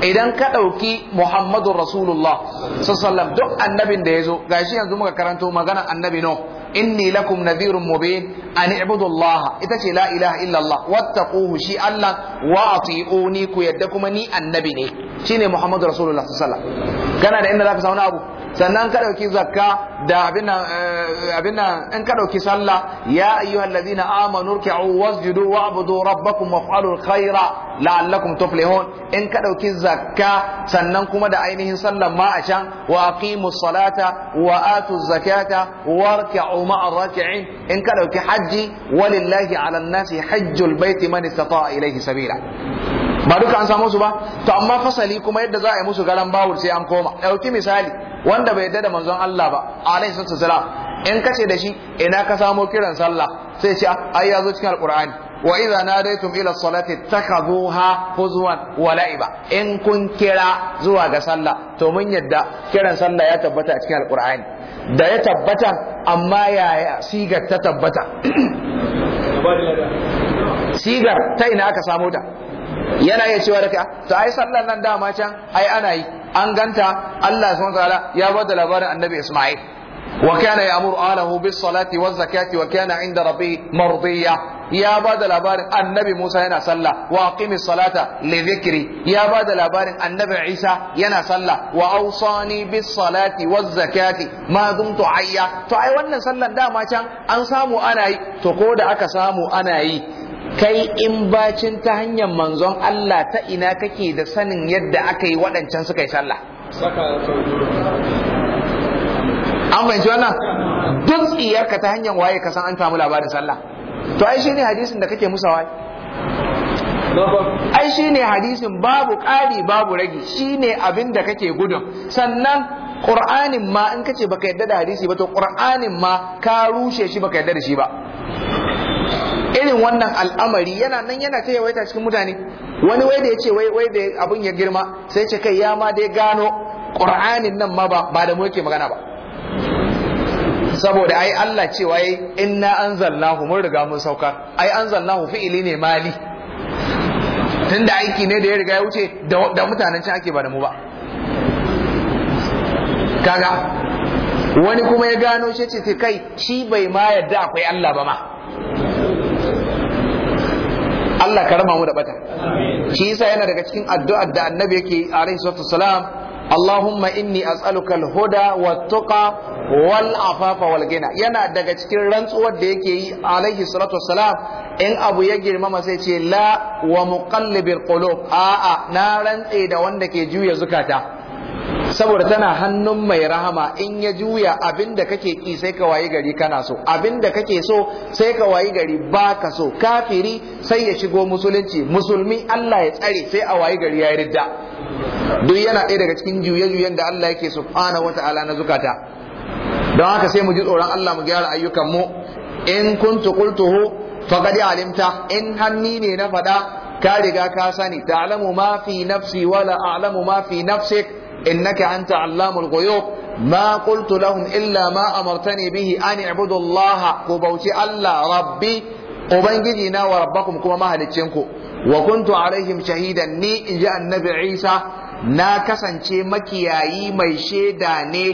idan ka ɗauki muhammadur rasulullah sallallahu alaihi wasallam duk annabin da yazo gashi yanzu muka karanto magana annabi no inni lakum nadhirun mubin an i'budu Allah ita ce la ilaha illa Allah wattaquhu shi Allah wa ati'uni ku yadda kuma ni annabi ne shine Muhammadu Rasulullah sallallahu alaihi wasallam kana da inda zaka sauna abu sannan ka dauki zakka da abin eh, abin in ka dauki sallah ya ayyuhallazina amanu ruk'u wasjudu wa'budu rabbakum waf'alul khaira la'allakum tuflihun in ka dauki zakka sannan kuma da ainihin Sallar ma a can wa aqimus salata wa atuz zakata warka'u uma ma'ar raki'in in ka ɗauki hajji walillahi 'ala an-nasi hajjul baiti man ilaihi sabila ba duka an samu su ba to amma fasali kuma yadda za a yi musu galan bawul sai an koma dauki misali wanda bai yadda da manzon Allah ba alaihi sallam in kace da shi ina ka samo kiran sallah sai ce ai yazo zo cikin alqur'ani wa idza nadaytum ila salati takhuduha huzwan wa la'iba in kun kira zuwa ga sallah to mun yadda kiran sallah ya tabbata a cikin alqur'ani da ya tabbata amma yaya sigar ta tabbata sigar ta ina aka samu ta yana iya cewa da ka to ai sallar nan dama can ai ana yi an ganta Allah subhanahu ya bada labarin annabi Isma'il وكان يأمر آله بالصلاة والزكاة وكان عند ربه مرضية يا بعد الأبار النبي موسى ينا صلى وأقم الصلاة لذكري يا بعد الأبار النبي عيسى ينا صلى وأوصاني بالصلاة والزكاة ما دمت عيا فأي وانا صلى دا ما كان أن سامو أناي تقود أكا سامو أناي kai in bacin ta hanyar manzon Allah ta ina kake da sanin yadda aka yi waɗancan suka yi sallah an fahimci wannan duk tsiyarka ta hanyar waye ka san an samu labarin sallah to ai shine hadisin da kake musa waye ai shine hadisin babu ƙari babu rage shine abin da kake gudun sannan Qur'anin ma in kace baka yadda da hadisi ba to Qur'anin ma ka rushe shi baka yadda da shi ba irin wannan al'amari yana nan yana ta yawaita cikin mutane wani wai da ce wai wai da abun ya girma sai ce kai ya ma dai gano Qur'anin nan ma ba ba da mu yake magana ba saboda ai Allah cewa wai inna anzalnahu mun riga mun saukar ai anzalnahu fi'ili ne mali tunda aiki ne da ya riga ya wuce da mutanen can ake ba da mu ba kaga wani kuma ya gano shi ce kai shi bai ma yadda akwai Allah ba ma Allah karama mu da bata shi yasa yana daga cikin addu'ar da annabi yake alaihi salatu wassalam Allahumma inni as'aluka al-huda wat-tuqa wal afafa wal gina yana daga cikin rantsuwar da yake yi alaihi salatu wassalam in abu ya girmama sai ce la wa muqallibil qulub a'a na rantse da wanda ke juya zukata saboda tana hannun mai rahama in ya juya abinda kake ki sai ka wayi gari kana so abinda kake so sai ka wayi gari baka so kafiri sai ya shigo musulunci musulmi Allah ya tsare sai a wayi gari ya ridda duk yana ɗaya daga cikin juye-juyen da Allah yake subhanahu wata'ala na zukata don haka sai mu ji tsoron Allah mu gyara ayyukan mu in kuntu qultuhu faqad alimta in hanni ne na fada ka riga ka sani ta'lamu ma fi nafsi wala a'lamu ma fi nafsik innaka anta allamul ghuyub ma qultu lahum illa ma amartani bihi an i'budu Allah ku bauci Allah rabbi ubangiji na wa rabbakum kuma ku wa kuntu alaihim shahidan ni in ji annabi Isa na kasance makiyayi mai shaida ne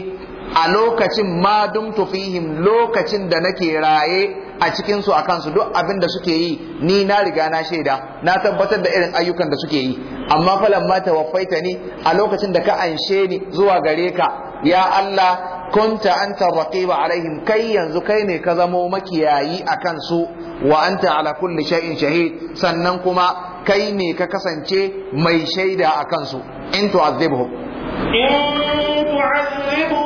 a lokacin ma dumtu fihim lokacin da nake raye a cikin su akan su duk abin da suke yi ni na riga na shaida na tabbatar da irin ayyukan da suke yi amma falan ma tawaffaita ni a lokacin da ka anshe ni zuwa gare ka ya Allah kunta anta raqiba alaihim kai yanzu kai ne ka zamo makiyayi akan su wa anta ala kulli shay'in shahid sannan kuma kai ne ka kasance mai shaida akan su in tu'azzibhum in tu'azzibhum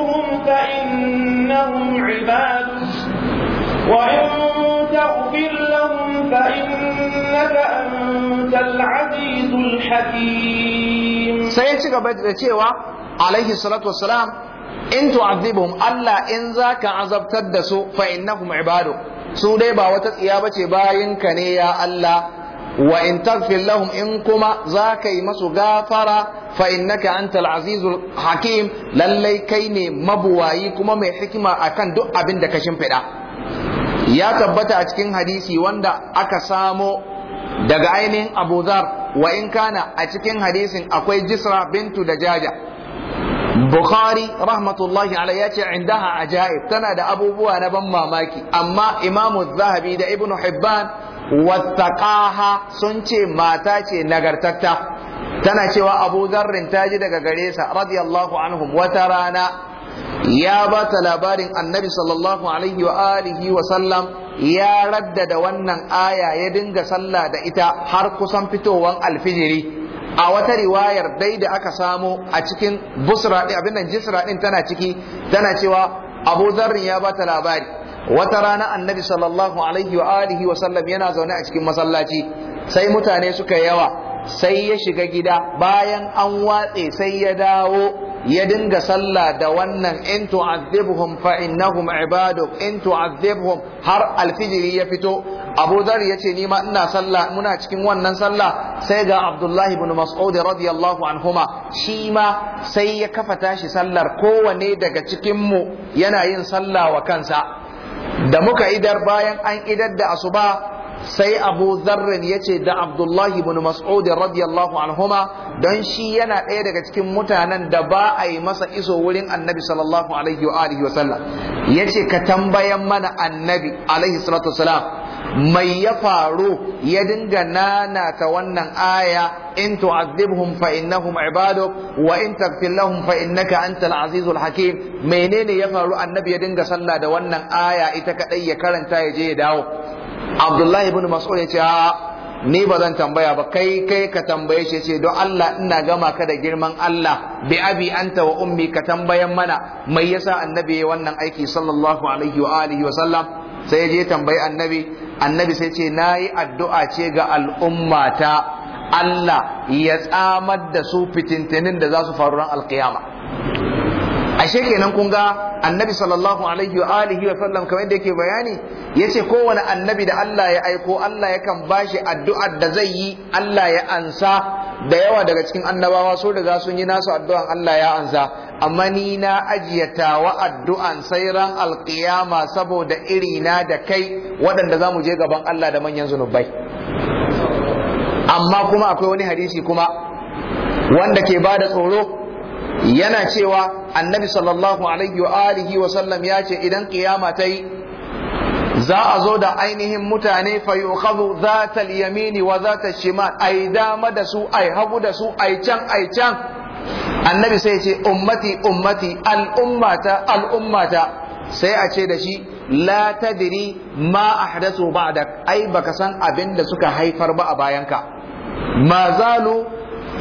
فإنهم عبادك وإن تغفر لهم فإنك أنت العزيز الحكيم سيأتي قبل cewa عليه الصلاة والسلام in tu'adhibhum Allah in zaka azabtar da su fa innahum ibaduk su dai ba wata tsiya bace bayinka ne ya Allah wa in taghfir lahum in kuma zaka yi masu gafara fa innaka antal azizul hakim lallai kai ne mabuwayi kuma mai hikima akan duk abin da ka shimfiɗa ya tabbata a cikin hadisi wanda aka samo daga ainihin Abu Dhar wa in kana a cikin hadisin akwai Jisra bintu da Jaja Bukhari rahmatullahi alaihi ya ce indaha ajaib tana da abubuwa na ban mamaki amma Imam Zahabi da Ibn Hibban wattaqaha sun ce mata ce nagartatta tana cewa Abu Zarrin ta ji daga gare sa radiyallahu anhum wata rana ya ba ta labarin annabi sallallahu alaihi wa alihi wa sallam ya raddada wannan aya ya dinga sallah da ita har kusan fitowan alfijiri a wata riwayar dai da aka samo a cikin busra abin nan jisra din tana ciki tana cewa Abu Zarrin ya ba ta labari wata rana annabi sallallahu alaihi wa alihi wa sallam yana zaune a cikin masallaci sai mutane suka yawa sai ya shiga gida bayan an watse sai ya dawo ya dinga sallah da wannan in tu'adhibhum fa innahum ibaduk in tu'adhibhum har alfijiri ya fito Abu ya yace ni ma ina sallah muna cikin wannan sallah sai ga Abdullahi ibn Mas'ud radiyallahu anhuma shi ma sai ya kafa tashi sallar kowane daga cikin mu yana yin sallah wa kansa da muka idar bayan an idar da asuba sai abu zarrin ya ce da abdullahi bin mas'ud radiyallahu anhuma don shi yana ɗaya daga cikin mutanen da ba a yi masa iso wurin annabi sallallahu alaihi wa alihi wa sallam ya ce ka tambayan mana annabi alaihi salatu wasalam mai ya faru ya dinga ta wannan aya in tu'adhibhum fa innahum ibaduk wa in taghfir lahum fa innaka antal azizul hakim menene ya faru annabi ya dinga sallah da wannan aya ita kadai ya karanta ya je ya dawo Abdullahi ibn Mas'ud ya ce ni ba zan tambaya ba kai kai ka tambaye shi ce don Allah ina gama ka da girman Allah bi abi anta wa ummi ka tambayan mana mai yasa annabi ya wannan aiki sallallahu alaihi wa alihi wa sallam sai je tambayi annabi annabi sai ce na yi addu'a ce ga al'ummata Allah ya tsamar da su fitintinin da za su faru ran alkiyama ashe kenan kun ga annabi sallallahu alaihi wa alihi wa sallam kamar yadda yake bayani yace kowane annabi da Allah ya aiko Allah yakan bashi addu'ar da zai yi Allah ya ansa da yawa daga cikin annabawa so da za sun yi nasu addu'an Allah ya ansa amma ni na ajiyata wa addu'an sai ran alqiyama saboda iri na da kai waɗanda za mu je gaban Allah da manyan zunubai amma kuma akwai wani hadisi kuma wanda ke bada tsoro yana cewa annabi sallallahu alaihi wa alihi wa sallam ya ce idan kiyama ta yi za a zo da ainihin mutane fa yukhadhu zatal yamini wa zatal shimal ai dama da su ai hagu da su ai can ai can annabi sai ce ummati ummati al'ummata al'ummata sai a ce da shi la tadri ma ahdathu ba'dak ai baka san abin da suka haifar ba a bayanka ma zalu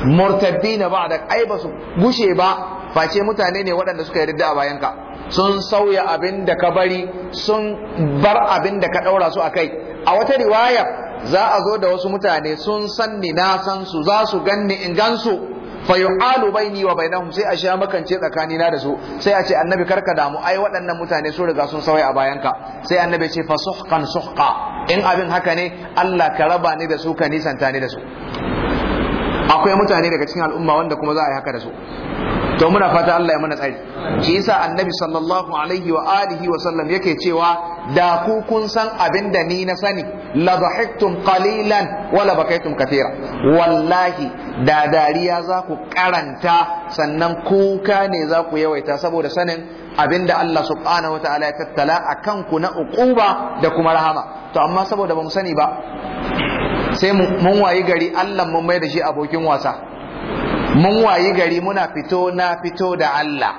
murtaddi na ba da ai ba su gushe ba face mutane ne waɗanda suka yarda a bayanka sun sauya abin da ka bari sun bar abin da ka ɗaura su a kai a wata riwaya za a zo da wasu mutane sun san ni na san su za su ganni in gansu fayuqalu baini wa bainahum sai a sha makance tsakanina da su sai a ce annabi karka damu ai waɗannan mutane sun riga sun sauya a bayanka sai annabi ce fa suhqan suhqa in abin haka ne Allah ka raba ni da su ka nisanta ni da su akwai mutane daga cikin al'umma wanda kuma za a yi haka da su to muna fata Allah ya mana tsari shi yasa annabi sallallahu alaihi wa alihi wa sallam yake cewa da ku kun san abin da ni na sani la dhahiktum qalilan wa la bakaitum kathira wallahi da dariya za ku karanta sannan kuka ne za ku yawaita saboda sanin abin da Allah subhanahu wa ta'ala ya tattala akan ku na uquba da kuma rahama to amma saboda ba mu sani ba sai mun wayi gari Allah mun mai da shi abokin wasa mun wayi gari muna fito na fito da Allah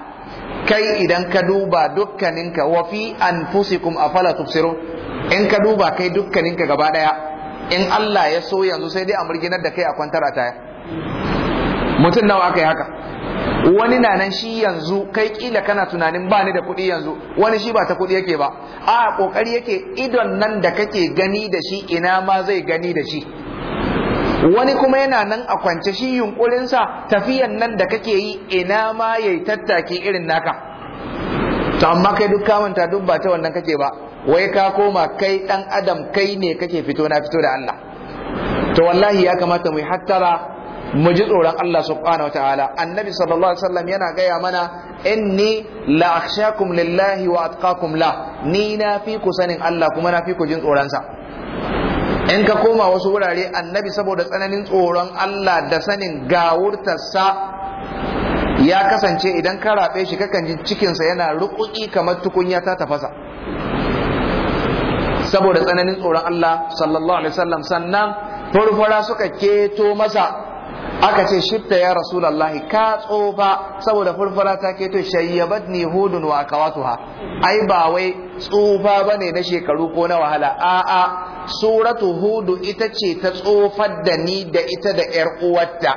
kai idan ka duba dukkaninka wa fi anfusikum afala tubsirun in ka duba kai dukkaninka gaba daya in Allah ya so yanzu sai dai a murginar da kai a kwantar a taya mutum nawa aka yi haka wani na nan shi yanzu kai kila kana tunanin ba ni da kuɗi yanzu wani shi ba ta kuɗi yake ba a kokari yake idon nan da kake gani da shi ina ma zai gani da shi wani kuma yana nan a kwance shi yunƙurinsa, tafiyan nan da kake yi ina ma yayi tattaki irin naka to amma kai duk kamanta duk ba ta wannan kake ba wai ka koma kai ɗan adam kai ne kake fito na fito da Allah to wallahi ya kamata mu hattara mu ji tsoron Allah subhanahu wataala annabi sallallahu alaihi wasallam yana gaya mana inni la akhshakum lillahi wa atqakum la ni na fi ku sanin Allah kuma na fi ku jin tsoron sa in ka koma wasu wurare annabi saboda tsananin tsoron Allah da sanin gawurtarsa ya kasance idan ka rabe shi kakan ji cikinsa yana rukuki kamar tukunya ta tafasa saboda tsananin tsoron Allah sallallahu alaihi wasallam sannan furfura suka keto masa aka ce shifta ya rasulallahi ka tsofa saboda furfura ta ke to shayyabat ni hudun wa akawatuha ai ba wai tsufa bane na shekaru ko na wahala a'a suratu hudu ita ce ta tsofar da ni da ita da yar uwarta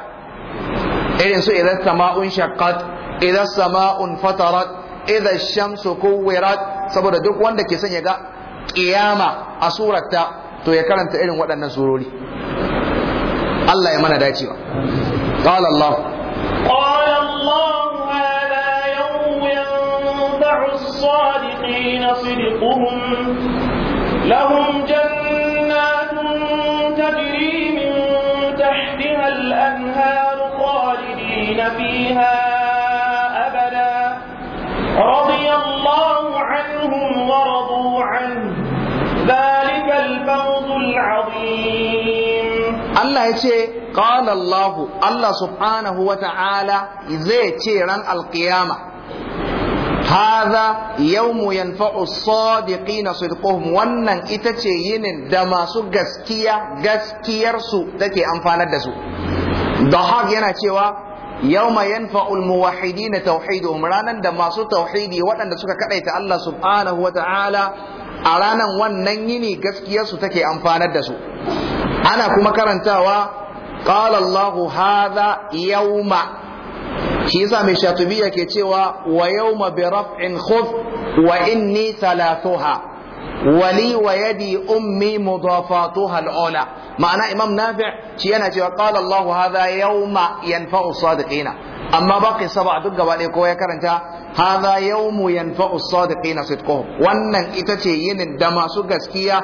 irin su idan sama'un shaqqat idan sama'un fatarat idan shamsu kuwirat saboda duk wanda ke son ya ga kiyama a surata to ya karanta irin waɗannan surori Allah ya mana dacewa qala Allah qala Allah hada yawm yanfa'u as-sadiqina sidquhum lahum jannatun tajri min tahtiha al-anhar khalidin fiha abada رضي الله عنهم ورضوا عنه ذلك Allah ya ce Allah subhanahu wa ta'ala zai ce ran alqiyama haza yawmu yanfa'u as-sadiqina sidquhum wannan ita ce yinin da masu gaskiya gaskiyarsu take amfanar da su Dahab yana cewa yawma yanfa'ul muwahidina tauhiduhum ranan da masu tauhidi waɗanda suka kadaita Allah subhanahu wata'ala a ranan wannan yini gaskiyarsu take amfanar da su ana kuma karantawa qala Allahu hadha yawma shi yasa mai shatubiya ke cewa wa yawma bi raf'in khuf wa inni thalathuha ولي ويدي أمي مضافاتها الأولى معنى إمام نافع شينا شوى قال الله هذا يوم ينفع الصادقين amma ba ka saba a duk gaba ɗaya kowa ya karanta hadha yawmu yanfa'u sadiqina sidquhum wannan ita ce yinin da masu gaskiya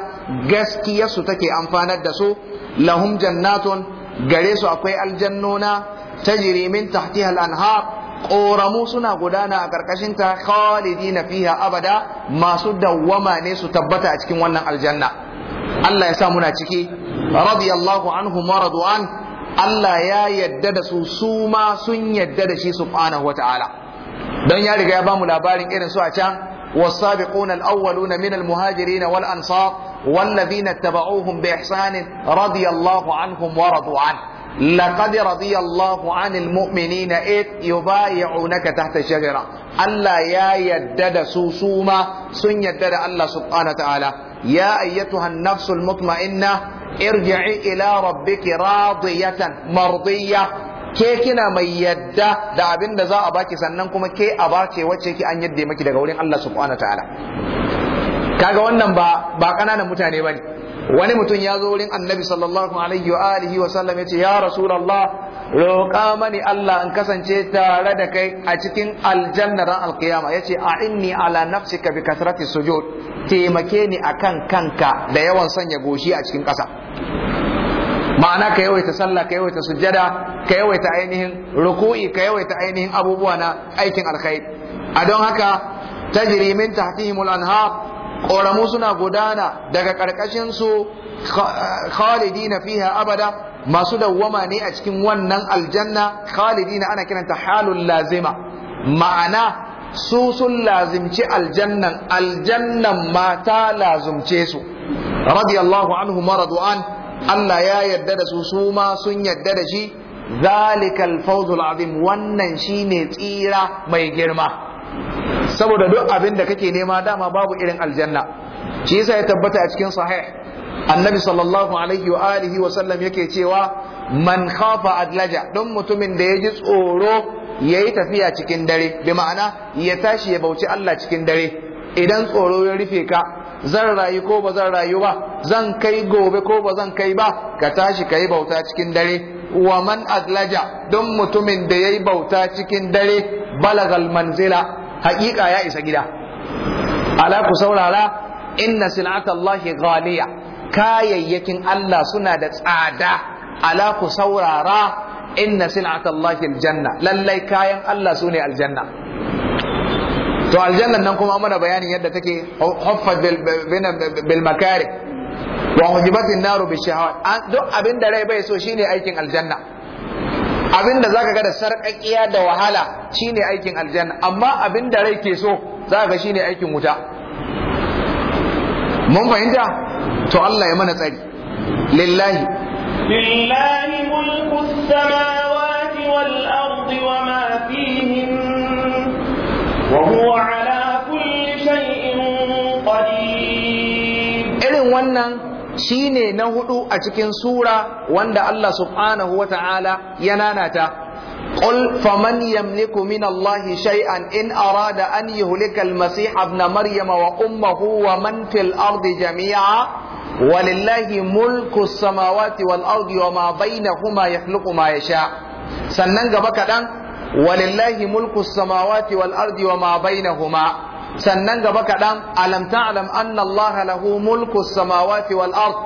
gaskiya su take amfanar da su lahum jannatun gare su akwai aljannona tajri min tahtiha al-anhar ƙoramu suna gudana a ƙarƙashin ta khalidina fiha abada masu dawwama ne su tabbata a cikin wannan aljanna Allah ya sa muna ciki radiyallahu anhu wa radu'an Allah ya yadda da su su ma sun yadda da shi subhanahu wataala dan ya riga ya bamu labarin irin su a can والسابقون الأولون من المهاجرين والأنصار والذين اتبعوهم بإحسان رضي الله عنهم ورضوا عنه لقد رضي الله عن المؤمنين إذ يبايعونك تحت الشجرة ألا يا يدد سوسوما سن يدد الله سبحانه وتعالى ya ayyatuhan nafsul mutma'inna irji'i ila rabbiki radiyatan mardiyya ke kina mai yadda da abin da za a baki sannan kuma ke a bace wacce ki an yadda maki daga wurin Allah subhanahu wataala kaga wannan ba ba kananan mutane bane wani mutum ya zo wurin annabi sallallahu alaihi wa alihi wa sallam yace ya rasulullah roƙa mani Allah in kasance tare da kai a cikin aljanna ran alqiyama yace a inni ala nafsika bi kasrati sujud taimake ni akan kanka da yawan sanya goshi a cikin ƙasa ma'ana ka yawaita sallah ka yawaita sujjada ka yawaita ainihin ruku'i ka yawaita ainihin abubuwa na aikin alkhair a don haka tajri min tahtihimul anhar ƙoramu suna gudana daga ƙarƙashin su khalidina fiha abada masu dawwama ne a cikin wannan aljanna khalidina ana kiranta halul lazima ma'ana su sun lazimci aljannan aljannan mata lazumce su radiyallahu anhu maradu'an Allah ya yadda da su su ma sun yadda da shi zalikal fawzul azim wannan shine tsira mai girma saboda duk abin da kake nema dama babu irin aljanna shi yasa ya tabbata a cikin sahih annabi sallallahu alaihi wa alihi wa sallam yake cewa man khafa adlaja don mutumin da ya ji tsoro ya yi tafiya cikin dare bi ma'ana ya tashi ya bauci Allah cikin dare idan tsoro ya rufe ka zan rayu ko ba zan rayu ba zan kai gobe ko ba zan kai ba ka tashi ka yi bauta cikin dare wa man adlaja don mutumin da ya yi bauta cikin dare balagal manzila haƙiƙa ya isa gida ala ku saurara inna sinatallahi ghaliya kayayyakin Allah suna da tsada ala ku saurara inna sinatallahi aljanna lallai kayan Allah sune aljanna to aljannan nan kuma mana bayanin yadda take huffat bil makari wa hujibat naru bi shahawat duk abin da rai bai so shine aikin aljanna abinda zaka ga da sarƙaƙiya da wahala shine aikin aljanna amma abinda rai ke so zaka ga shine aikin wuta mun fahimta to Allah ya mana tsari lillahi lillahi mulku samawati wal ardi wa ma fihim wa huwa ala kulli shay'in qadir irin wannan shine na hudu a cikin sura wanda Allah subhanahu wata'ala ya nanata قل فمن يملك من الله شيئا إن أراد أن يهلك المسيح ابن مريم وأمه ومن في الأرض جميعا ولله ملك السماوات والأرض وما بينهما يخلق ما يشاء سننجبك الآن ولله ملك السماوات والأرض وما بينهما sannan gaba kaɗan alam ta'lam anna Allah lahu mulku samawati wal ard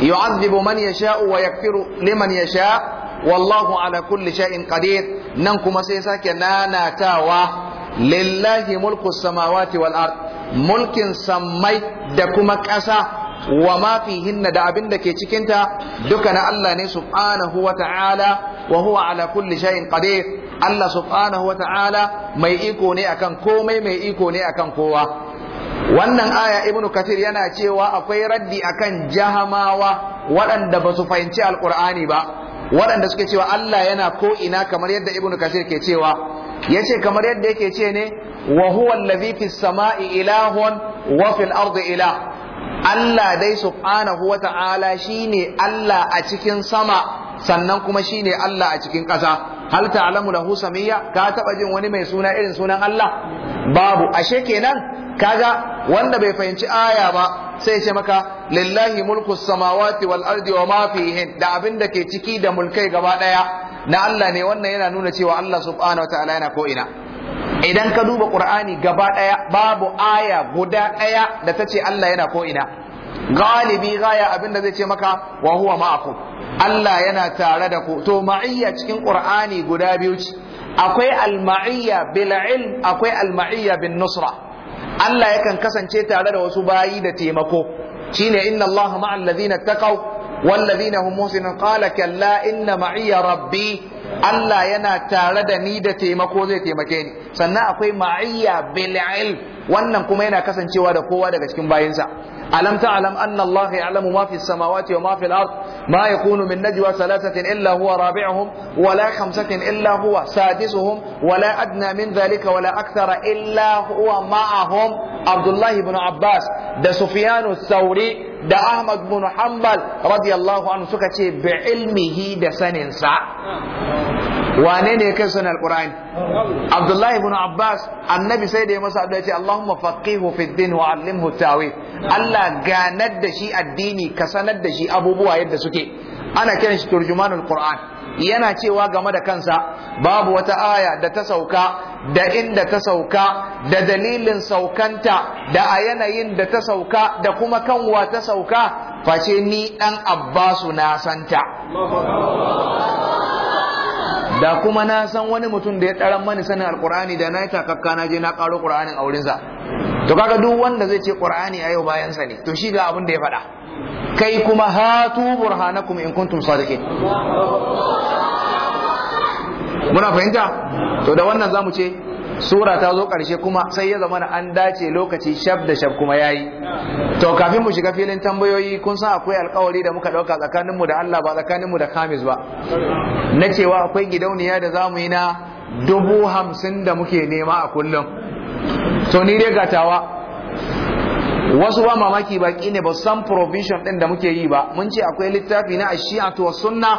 yu'adhibu man yasha'u wa yakfiru liman yasha' wallahu ala kulli shay'in qadir nan kuma sai sake nanatawa lillahi mulku samawati wal ard mulkin sammai da kuma ƙasa wa ma fihinna da abin da ke cikinta duka na Allah ne subhanahu wa ta'ala wa huwa ala kulli shay'in qadir Allah subhanahu wa ta'ala mai iko ne akan komai mai iko ne akan kowa wannan aya ibnu kathir yana cewa akwai raddi akan jahamawa waɗanda ba su fahimci alqur'ani ba waɗanda suke cewa Allah yana ko ina kamar yadda ibnu kathir ke cewa yace kamar yadda yake ce ne wa huwa allazi fis sama'i ilahun wa fil ardi ilah Allah dai subhanahu wa ta'ala shine Allah a cikin sama sannan kuma shine Allah a cikin ƙasa hal ta'lamu lahu samiyya ka taba jin wani mai suna irin sunan Allah babu ashe kenan kaga wanda bai fahimci aya ba sai ce maka lillahi mulku samawati wal ardi wa ma fihin da abin da ke ciki da mulkai gaba daya na Allah ne wannan yana nuna cewa Allah subhanahu wataala yana ko ina idan ka duba qur'ani gaba daya babu aya guda daya da ta ce Allah yana ko ina galibi gaya abin da zai ce maka wa huwa ma'akum Allah yana tare da ku to ma'iyya cikin Qur'ani guda biyu ce akwai al-ma'iyya bil ilm akwai al-ma'iyya bin nusra Allah yakan kasance tare da wasu bayi da taimako shine inna Allah ma'al ladina taqaw والذين هم محسنون qala kalla, inna ma'iyya rabbi" Allah yana tare da ni da taimako zai taimake ni sannan akwai ma'iyya bil ilm wannan kuma yana kasancewa da kowa daga cikin bayinsa alam ta alam annallahu ya'lamu ma fi samawati wa ma fi al-ard ma yakunu min najwa thalathatin illa huwa rabi'uhum wa la khamsatin illa huwa sadisuhum wa la adna min dhalika wa la akthara illa huwa ma'ahum Abdullahi ibn Abbas da Sufyan ath da Ahmad bin Hanbal radiyallahu anhu suka ce bi ilmihi da saninsa wane ne kai sanar alqur'ani Abdullahi ibn Abbas annabi sai da ya masa addu'a ce Allahumma faqihu fid din wa allimhu ta'wil Allah ganar da shi addini ka sanar da shi abubuwa yadda suke ana kiran shi turjumanul qur'an yana cewa game da kansa babu wata aya da ta sauka da inda ta sauka da dalilin saukanta da a yanayin da ta sauka da kuma kanwa ta sauka face ni ɗan abbasu na santa da kuma na san wani mutum da ya ɗaran mani sanin alkur'ani da na yi takakka na je na ƙaro ƙur'anin aurinsa to kaga duk wanda zai ce ƙur'ani a yau bayansa ne to shi ga abin da ya faɗa kai kuma hatu burhanakum in kuntum sadiqin muna fahimta to da wannan zamu ce sura ta zo karshe kuma sai ya zama an dace lokaci shab da shab kuma yayi to kafin mu shiga filin tambayoyi kun san akwai alkawari da muka ɗauka tsakaninmu da Allah ba tsakaninmu da Khamis ba na cewa akwai gidauniya da zamu yi na dubu hamsin da muke nema a kullum to ni dai gatawa wasu ba mamaki baki ne ba san provision din da muke yi ba mun ce akwai littafi na ashi'atu was sunna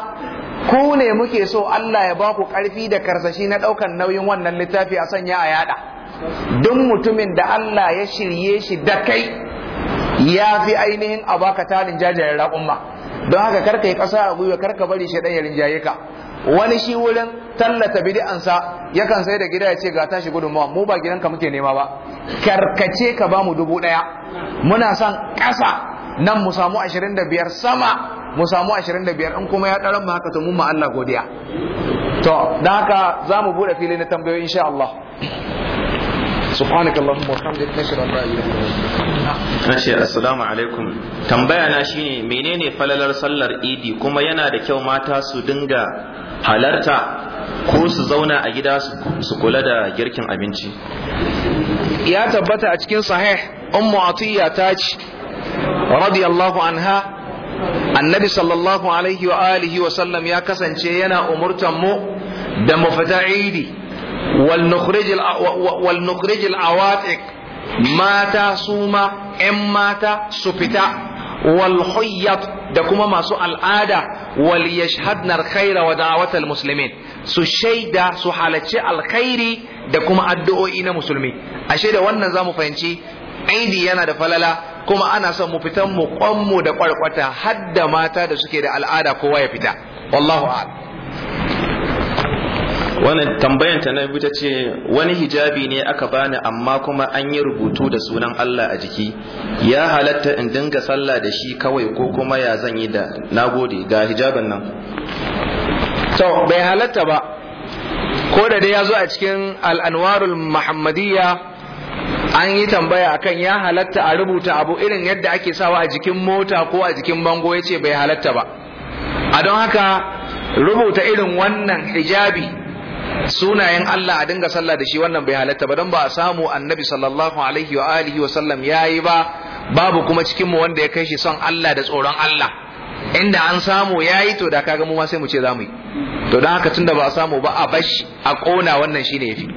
ku ne muke so Allah ya ba ku ƙarfi da karsashi na ɗaukar nauyin wannan littafi a sanya a yada duk mutumin da Allah ya shirye shi da kai ya fi ainihin a baka tarin jajayen raƙumma don haka karka yi ƙasa a gwiwa karka bari shi ɗan ya rinjaye ka wani shi wurin tallata ya yakan sai da gida ya ce ga tashi gudunmawa mu ba gidanka muke nema ba karkace ka ba mu dubu ɗaya muna son ƙasa nan mu samu ashirin da biyar sama mu samu 25 in kuma ya ɗaran mu haka to mun ma Allah godiya to da haka za mu bude fili na tambayoyi insha Allah سبحانك اللهم وبحمدك نشهد ان لا اله الا انت assalamu alaikum tambaya na shine menene falalar sallar idi kuma yana da kyau mata su dinga halarta ko su zauna a gida su kula da girkin abinci ya tabbata a cikin sahih ummu atiya ta ce radiyallahu anha annabi sallallahu alaihi wa alihi wa sallam ya kasance yana umurtan mu da mu fita idi wal nukhrij awatiq mata suma yan mata su fita wal da kuma masu al'ada wal yashhadna khaira wa da'awat al muslimin su shaida su halarci alkhairi da kuma addu'o'i na musulmi ashe da wannan zamu fahimci aidi yana da falala kuma ana son mu fitan mu kwanmu da kwarkwata har mata da suke da al'ada kowa ya fita wallahu a'lam wannan tambayan ta na biyu ce wani hijabi ne aka bani amma kuma an yi rubutu da sunan Allah a jiki ya halatta in dinga sallah da shi kawai ko kuma ya zan yi da nagode ga hijabin nan to bai halatta ba ko da dai ya zo a cikin al'anwarul muhammadiyya an yi tambaya akan ya halatta a rubuta abu irin yadda ake sawa a jikin mota ko a jikin bango ya ce bai halatta ba a don haka rubuta irin wannan hijabi sunayen Allah a dinga sallah da shi wannan bai halatta ba don ba a samu annabi sallallahu alaihi wa alihi wa sallam yayi ba babu kuma cikin mu wanda ya kai shi son Allah da tsoron Allah inda an samu yayi to da kaga mu ma sai mu ce zamu yi to don haka tunda ba a samu ba a bashi a kona wannan shine yafi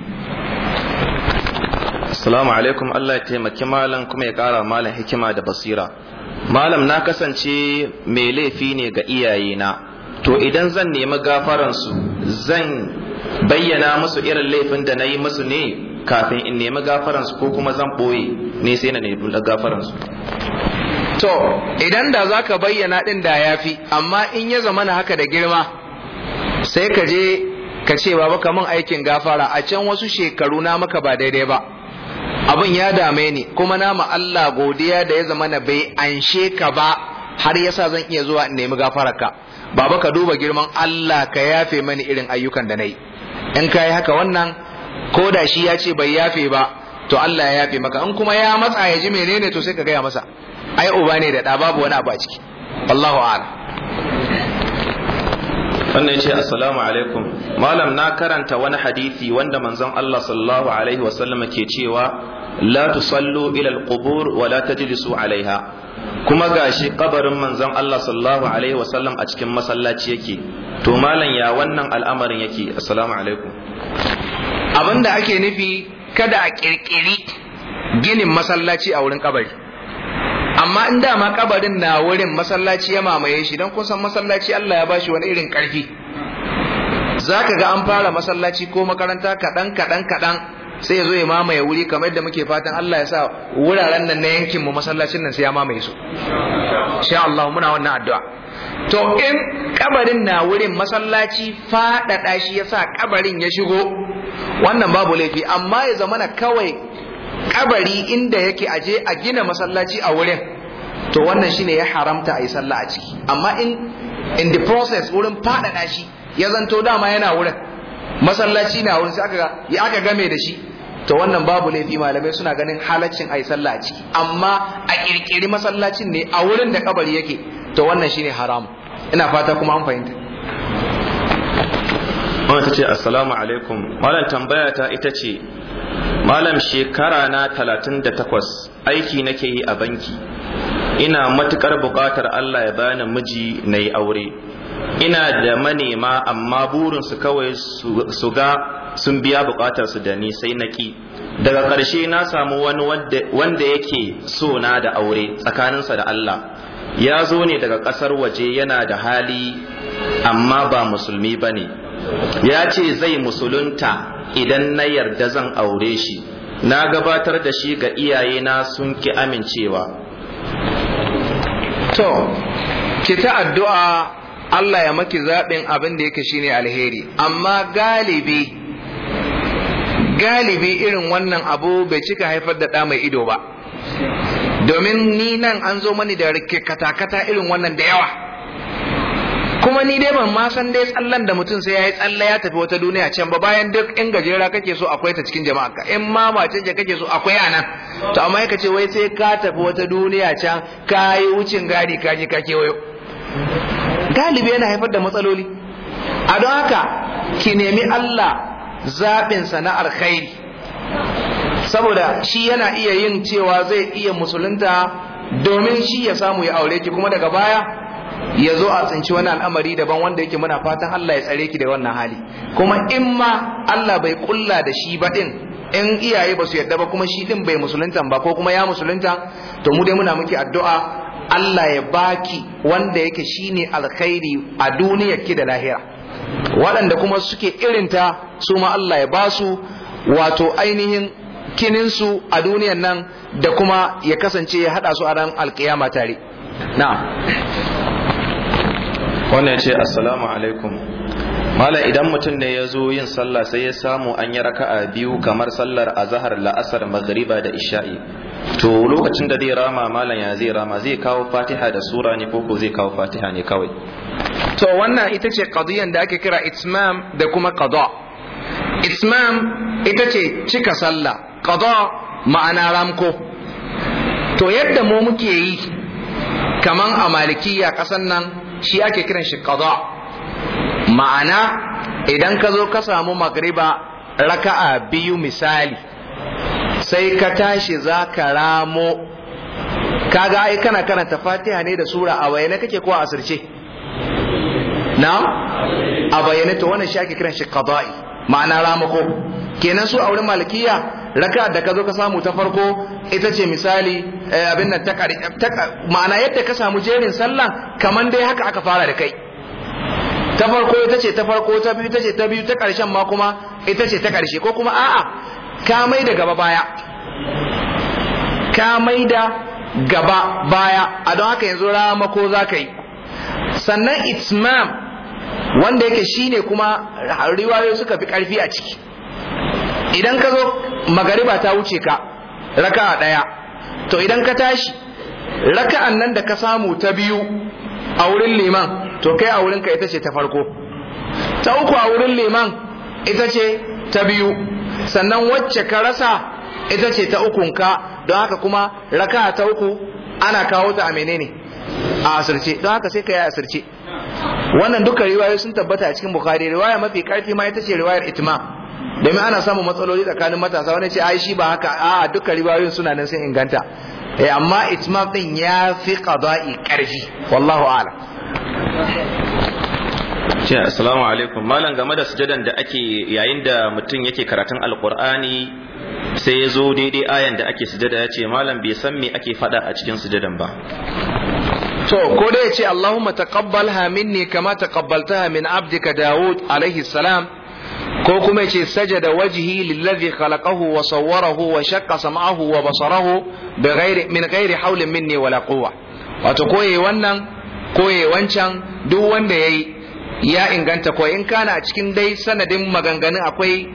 Assalamu alaikum Allah ya taimaki malam kuma ya ƙara malam hikima da basira. Malam na kasance mai laifi ne ga iyayena, to idan zan nemi gafaransu zan bayyana musu irin laifin da na yi musu ne kafin in nemi gafaransu ko kuma zan ɓoye ne sai na nemi gafaransu. To, idan da za ka bayyana ɗin da ya fi, amma in ya zama na haka da girma, sai ka je ka ce baba baka aikin gafara a can wasu shekaru na maka ba daidai ba. abin ya dame ni kuma na ma Allah godiya da ya zama na bai anshe ka ba har yasa zan iya zuwa in nemi gafararka baba ka duba girman Allah ka yafe mani irin ayyukan da nayi in kai haka wannan ko da shi ya ce bai yafe ba to Allah ya yafe maka in kuma ya matsa ya ji menene to sai ka gaya masa ai uba ne da ɗa babu wani abu a ciki Allahu a'lam wannan ce assalamu alaikum malam na karanta wani hadisi wanda manzon Allah sallallahu alaihi wasallam ke cewa la tusallu ila alqubur wa la tajlisu alaiha kuma gashi kabarin manzon Allah sallallahu alaihi wasallam a cikin masallaci yake to malam ya wannan al'amarin yake assalamu alaikum abinda ake nufi kada a kirkiri ginin masallaci a wurin kabari amma in dama kabarin na wurin masallaci ya mamaye shi don kusan masallaci Allah ya bashi wani irin karfi za ka ga an fara masallaci ko makaranta kaɗan kaɗan kaɗan sai ya zo ya mamaye wuri kamar yadda muke fatan Allah ya sa wuraren nan na yankin mu masallacin nan sai ya mamaye su insha Allah muna wannan addu'a to in kabarin na wurin masallaci faɗaɗa shi yasa kabarin ya shigo wannan babu laifi amma ya zamana kawai kabari inda yake aje a gina masallaci a wurin to wannan shine ya haramta a yi sallah a ciki amma in in the process wurin faɗaɗa shi ya zanto dama yana wurin masallaci na wurin sai aka ya aka game da shi to wannan babu laifi malamai suna ganin halaccin a yi sallah a ciki amma a kirkiri masallacin ne a wurin da kabari yake to wannan shine haram ina fata kuma an fahimta wannan ta ce assalamu alaikum wannan tambaya ta ita ce malam shekara na talatin da takwas aiki nake yi a banki ina matukar buƙatar Allah ya bani miji na yi aure ina da manema amma burinsu kawai su ga sun biya buƙatarsu da ni sai naki daga ƙarshe na samu wani wanda yake so na da aure tsakaninsa da Allah ya zo ne daga ƙasar waje yana da hali amma ba musulmi ba ne ya ce zai musulunta idan na yarda zan aure shi na gabatar da shi ga iyaye na sun ki amincewa to ki ta addu'a Allah ya maki zaɓin abin da yake shine alheri amma galibi galibi irin wannan abu bai cika haifar da ɗa mai ido ba domin ni nan an zo mani da kata-kata irin wannan da yawa kuma ni dai ban ma san dai tsallan da mutum sai ya yi tsalla ya tafi wata duniya can ba bayan duk in gajera kake so akwai ta cikin jama'a ka in ma mace ce kake so akwai anan to amma ka ce wai sai ka tafi wata duniya can ka yi wucin gadi ka je ka kewayo galibi yana haifar da matsaloli a don haka ki nemi Allah zaɓin sana'ar khairi saboda shi yana iya yin cewa zai iya musulunta domin shi ya samu ya aure ki kuma daga baya ya zo a tsinci wani al'amari daban wanda yake muna fatan Allah ya tsare ki da wannan hali kuma in ma Allah bai kulla da shi ba din in iyaye ba su yarda ba kuma shi din bai musulunta ba ko kuma ya musulunta to mu dai muna miki addu'a Allah ya baki wanda yake shine alkhairi a duniyar ki da lahira waɗanda kuma suke irinta su ma Allah ya basu wato ainihin kininsu a duniyar nan da kuma ya kasance ya haɗa su a ran alkiyama tare na'am wannan ya ce assalamu alaikum mala idan mutum ne ya zo yin sallah sai ya samu an yi raka'a biyu kamar sallar azahar la'asar magriba da isha'i to lokacin da zai rama malam ya zai rama zai kawo fatiha da sura ne ko zai kawo fatiha ne kawai to wannan ita ce qadiyan da ake kira itmam da kuma qada itmam ita ce cika sallah qada ma'ana ramko to yadda mu muke yi kaman a malikiya kasan nan shi ake kiran shi qada ma'ana idan ka zo ka samu magriba raka'a biyu misali sai ka tashi za ka ramo kaga ai kana karanta fatiha ne da sura a bayyane kake ko a asirce na a bayyane to wannan shi ake kiran shi qada'i ma'ana ramako kenan su a wurin malikiya raka da ka zo ka samu ta farko ita ce misali eh, abin nan ta ma'ana yadda ka samu jerin sallah kaman dai haka aka fara da kai ta farko ita ce ta farko ta biyu ita ce ta biyu ta karshen ma kuma ita ce ta karshe ko kuma a'a ka mai da gaba baya ka mai da gaba baya a don haka yanzu rama ko za ka yi sannan itmam wanda yake shine kuma riwayoyi suka fi ƙarfi a ciki idan ka zo magariba ta wuce ka raka'a ɗaya to idan ka tashi raka'an nan da ka samu ta biyu a wurin liman to kai a wurin ka ita ce ta farko ta uku a wurin liman ita ce ta biyu sannan wacce ka rasa ita ce ta ukunka don haka kuma raka ta uku ana kawo ta a menene a asirce don haka sai ka yi asirce wannan duka riwayoyi sun tabbata a cikin bukari riwaya mafi karfi ma ita ce riwayar itma domin ana samun matsaloli tsakanin matasa wani ce ai shi ba haka a duka riwayoyin suna nan sun inganta eh amma itmaf din ya fi qada'i karfi wallahu a'lam ce assalamu alaikum malam game da sujadan da ake yayin da mutum yake karatun alqur'ani sai ya zo daidai ayan da ake sujada ya ce malam bai san me ake fada a cikin sujadan ba to ko da ya ce Allahumma taqabbalha minni kama taqabbaltaha min abdika Dawud alaihi salam ko kuma ce sajada wajhi lillazi khalaqahu wa sawwarahu wa shaqqa sam'ahu wa basarahu bi ghairi min ghairi hawlin minni wala quwwa wato koye wannan koye wancan duk wanda yayi ya inganta ko in kana a cikin dai sanadin maganganun akwai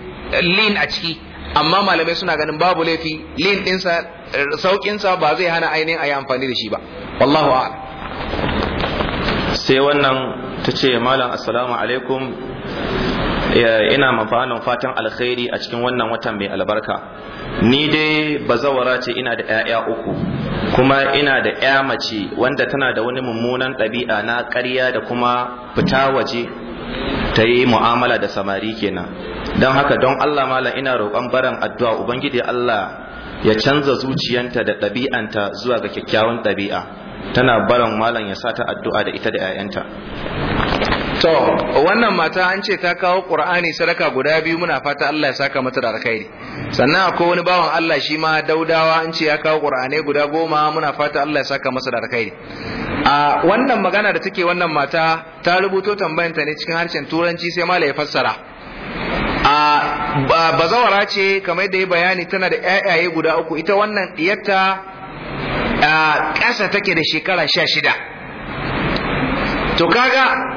lin a ciki amma malamai suna ganin babu laifi lin dinsa saukinsa ba zai hana ainihin a yi amfani da shi ba wallahu a'lam sai wannan ta ce malam assalamu alaikum ina mafanin fatan alkhairi a cikin wannan watan mai albarka ni dai bazawara ce ina da 'ya'ya uku kuma ina da 'ya mace wanda tana da wani mummunan ɗabi'a na ƙarya da kuma fita waje ta yi mu'amala da samari kenan don haka don allah malam ina roƙon baran addu'a ubangiji allah ya canza zuciyanta da ɗabi'anta zuwa ga kyakkyawan ɗabi'a tana baran malam ya sa ta addu'a da ita da 'ya'yanta to wannan mata an ce ta kawo qur'ani sadaka guda biyu muna fata Allah ya saka mata da alkhairi sannan akwai wani bawan Allah shi ma daudawa an ce ya kawo qur'ani guda goma muna fata Allah ya saka masa da alkhairi a wannan magana da take wannan mata ta rubuto ta ne cikin harshen turanci sai mala ya fassara a bazawara ce kamar da ya bayani tana da ƴaƴaye guda uku ita wannan diyarta ƙasa take da shekara sha shida to kaga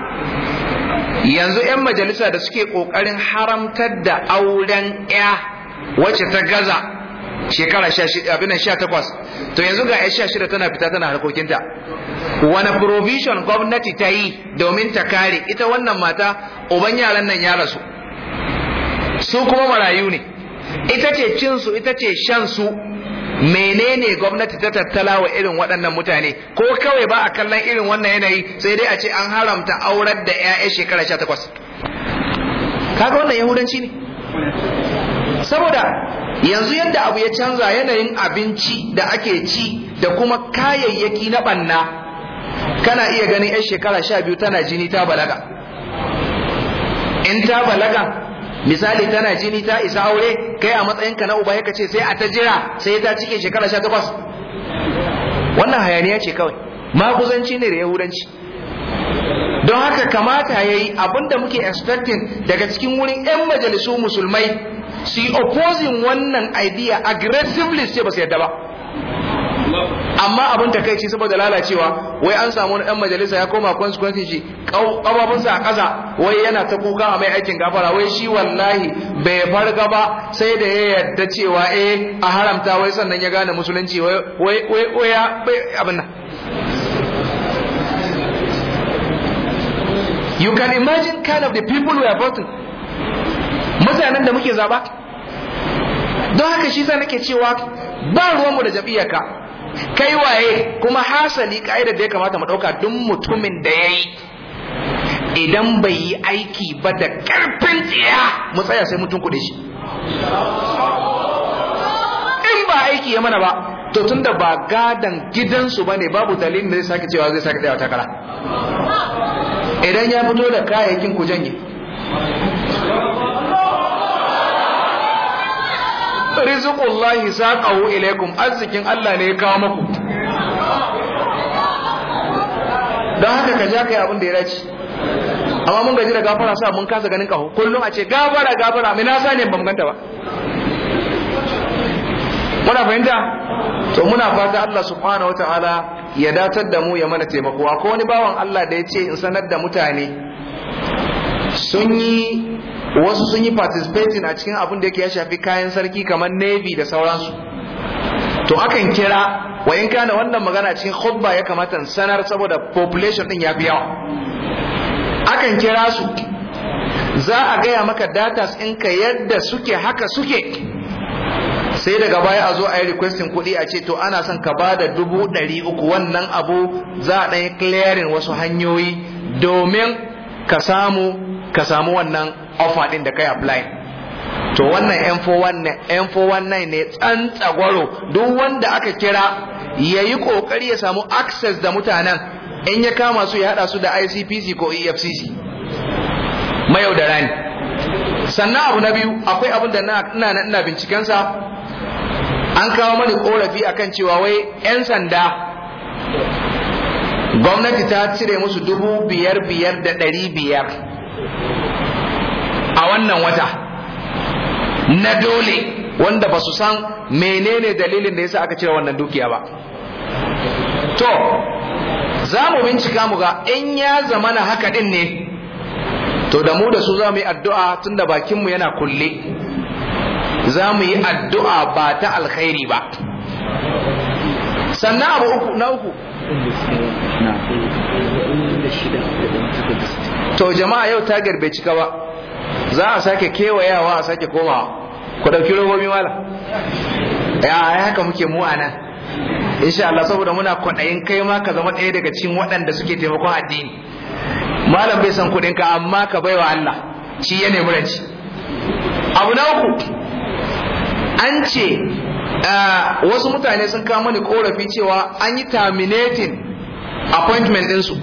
yanzu 'yan majalisa da suke ƙoƙarin haramtar da auren 'ya wacce ta gaza shekara abinan to yanzu ga 'yan sha tana fita tana harkokinta wani provision gwamnati ta yi domin ta kare ita wannan mata uban yaran nan ya rasu su kuma marayu ne ita ce cinsu ita ce shansu menene gwamnati ta tattala wa irin waɗannan mutane ko kawai ba a kallon irin wannan yanayi sai dai a ce an haramta aurar da 'ya'ya shekara 18 kaga wannan yahudanci ne saboda yanzu yadda abu ya canza yanayin abinci da ake ci da kuma kayayyaki na banna kana iya ganin 'yan shekara sha biyu tana jini ta balaga in ta balaga misali tana jini ta isa aure kai a matsayinka na uba ya ce sai a ta jira sai ta cike shekara sha takwas wannan hayaniya ce kawai maguzanci ne da yahudanci don haka kamata ya yi abinda muke expecting daga cikin wurin 'yan majalisu musulmai su opposing wannan idea aggressively sai ba su yadda ba amma abin ta takaici saboda lalacewa wai an samu wani dan majalisa ya koma consequence shi kawabunsa a ƙasa wai yana ta kuka a mai aikin gafara wai shi wallahi bai farga ba sai da ya yadda cewa eh a haramta wai sannan ya gane musulunci wai wai wai abin nan you can imagine kind of the people we are voting mutanen da muke zaba don haka shi sa nake cewa ba ruwanmu da ka kai waye kuma hasali ka'idar da ya kamata mu ɗauka duk mutumin da ya yi idan bai yi aiki ba da karfin tsiya mu tsaya sai mutum kuɗe shi in ba aiki ya mana ba to tunda ba gadan gidansu ba ne babu dalilin da zai sake cewa zai sake tsayawa takara idan ya fito da kayayyakin ku janye sa saqahu ilaikum arzikin Allah ne ya kawo maku Don haka ka ja kai abin da ya dace amma mun gaji da gafara sa mun kasa ganin kaho kullum a ce gafara gafara mai na sani ban ganta ba muna fahimta to muna fata Allah subhanahu wataala ya datar da mu ya mana taimako akwai wani bawan Allah da ya ce in sanar da mutane sun yi wasu sun yi participating a cikin abin da yake ya shafi kayan sarki kamar navy da sauransu to akan kira wa in kana wannan magana cikin khutba ya kamata sanar saboda population din ya fi yawa akan kira su za a gaya maka data in ka yadda suke haka suke sai daga baya a zo a yi requesting kuɗi a ce to ana son ka ba da dubu ɗari uku wannan abu za a ɗanyi clearing wasu hanyoyi domin ka samu ka samu wannan offer din da kai apply to wannan M419 ne tsagwaro duk wanda aka kira yayi yi ƙoƙari ya samu access da mutanen in ya kama su ya haɗa su da ICPC ko EFCC mayaudara ne sannan abu na biyu akwai abin da na ina bincikensa an kawo mani ƙorafi akan cewa wai 'yan sanda gwamnati ta cire musu dubu biyar biyar da ɗari biyar a wannan wata na dole wanda ba su san menene dalilin da ya sa aka cire wannan dukiya ba to za mu bincika mu ga in ya zamana haka din ne to da mu da su za mu yi addu'a tunda bakinmu yana kulle za mu yi addu'a ba ta alkhairi ba sannan abu uku na uku to jama'a yau ta garbe cika ba za a sake kewayawa a sake komawa ku ɗauki robobi mala ya haka muke mu anan insha Allah saboda muna kwaɗayin kai ma ka zama ɗaya daga cikin waɗanda suke taimakon addini malam bai san kuɗin ka amma ka baiwa Allah shi ya nemi ranci abu na uku an ce eh, wasu mutane sun kawo mani korafi cewa an yi terminating appointment ɗinsu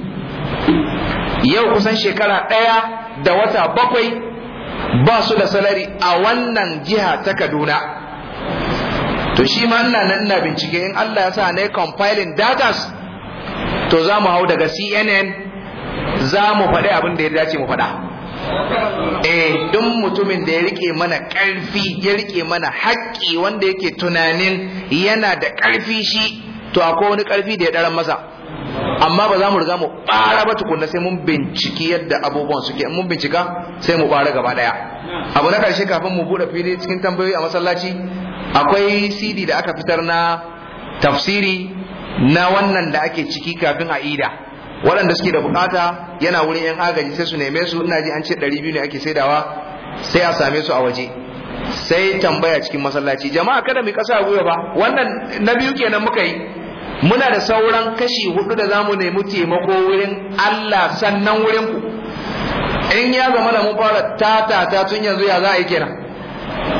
yau kusan shekara ɗaya da wata bakwai ba su da salari a wannan jiha ta kaduna to shi ma ina nan ina bincike in Allah ya sa ne compiling data. to za mu hau daga CNN za mu faɗi abin da ya dace mu faɗa eh duk mutumin da ya rike mana ƙarfi ya rike mana haƙƙi wanda yake tunanin yana da ƙarfi shi to akwai wani ƙarfi da ya daren masa amma ba za mu riga mu bara ba tukunna sai mun binciki yadda abubuwan suke mun bincika sai mu bara gaba daya abu na karshe kafin mu bude fili cikin tambayoyi a masallaci akwai CD da aka fitar na tafsiri na wannan da ake ciki kafin a ida waɗanda suke da bukata yana wurin yan agaji sai su neme su ina ji an ce 200 ne ake saidawa sai a same su a waje sai tambaya cikin masallaci jama'a kada mu kasa gwiwa ba wannan na biyu kenan muka yi muna da sauran kashi hudu da zamu nemi taimako wurin Allah sannan wurin ku in ya zama da mun fara tata ta tun yanzu ya za a yi kira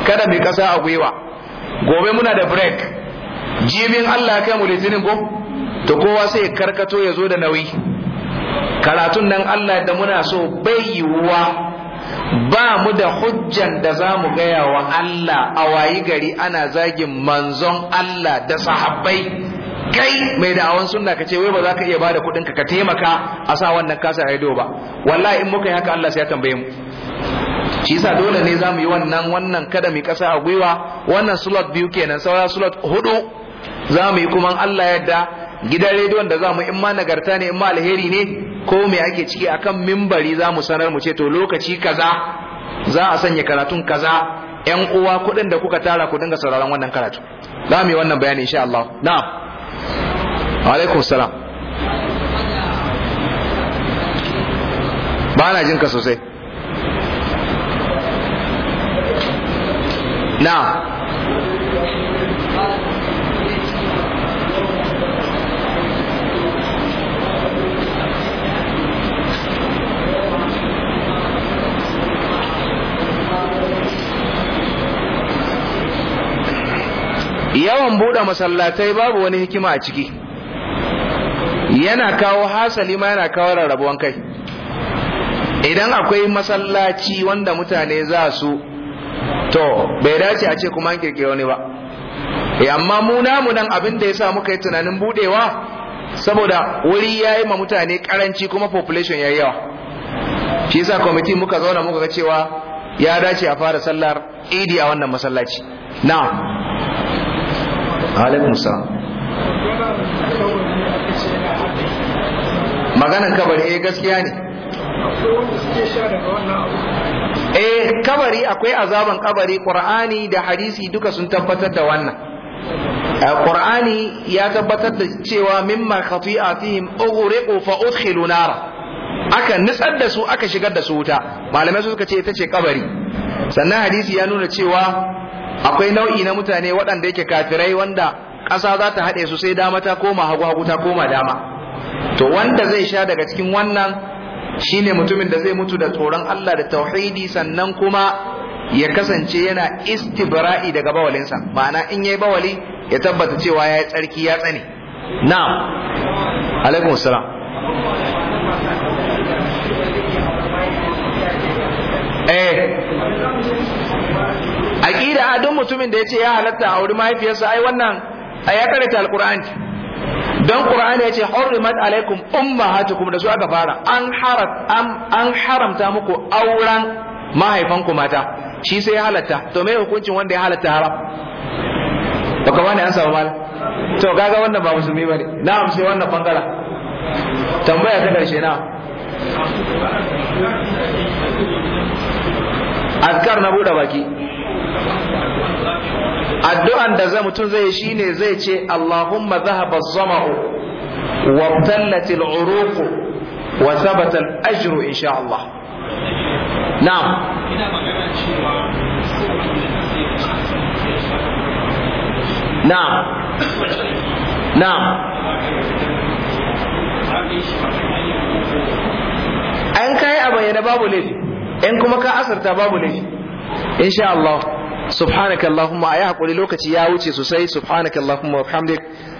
kada mai kasa a gwiwa gobe muna da break jibin Allah kai mu litinin ko to kowa sai karkato ya zo da nauyi karatun nan Allah da muna so bai yiwuwa ba mu da hujjan da za mu gaya wa Allah a wayi gari ana zagin manzon Allah da sahabbai kai mai da'awan sunna ka ce wai ba za ka iya bada kuɗin ka ka taimaka a sa wannan kasa rediyo ba wallahi in muka yi haka Allah sai ya tambaye mu shi yasa dole ne za mu yi wannan wannan kada mu kasa a gwiwa wannan slot biyu kenan saura slot hudu za mu yi kuma Allah yadda gidan rediyon da za mu in ma nagarta ne in ma alheri ne ko me ake ciki akan mimbari za mu sanar mu ce to lokaci kaza za a sanya karatun kaza yan uwa kuɗin da kuka tara ku dinga sauraron wannan karatu za mu yi wannan bayani insha Allah na'am alaikum salam ba na jinka sosai na yawan buɗe masallatai babu wani hikima a ciki yana kawo hasali ma yana kawo rarrabuwan kai idan akwai masallaci wanda mutane za su to bai dace a ce kuma an kirkiri wani ba eh, amma mu namu nan abin da sa muka yi tunanin buɗewa saboda wuri ya yi ma mutane karanci kuma population ya yi yawa shi yasa kwamitin muka zauna muka ga cewa ya dace a fara sallar idi a wannan masallaci na'am alaikum salam magana kabari eh gaskiya ne eh kabari akwai azaban kabari qur'ani da hadisi duka sun tabbatar da wannan eh, qur'ani ya tabbatar da cewa mimma khati'atihim ughriqu fa udkhilu nara aka nutsar da su aka shigar da su wuta malamai suka ce ita ce kabari sannan hadisi ya nuna cewa akwai nau'i na mutane waɗanda yake kafirai wanda ƙasa za ta haɗe su sai dama ta koma hagu hagu ta koma dama to wanda zai sha daga cikin wannan shine mutumin da zai mutu da tsoron Allah da tauhidi sannan kuma ya kasance yana istibra'i daga bawalinsa ma'ana in yayi bawali ya tabbata cewa yayi tsarki ya tsane na'am alaikum eh aqida a duk mutumin da yace ya halatta a wuri mahaifiyarsa ai wannan ai ya karanta alqur'ani dan qur'ani yace hurrimat alaikum ummahatukum da su aka fara an harat an haramta muku auren mahaifanku mata shi sai ya halatta to me hukuncin wanda ya halatta haram ba kuma ne an samu mal to kaga wannan ba musulmi bane na'am sai wannan bangara tambaya ta karshe na azkar na bude baki addu'an da zai mutum zai shi ne zai ce Allahumma zahaba zama'u wa tallatil uruq wa thabata al ajru insha Allah na'am na'am na'am an kai a bayyana babu laifi in kuma ka asarta babu ne, insha Allah subhanaka allahumma yi haƙuri lokaci ya wuce sosai subhanaka allahumma wa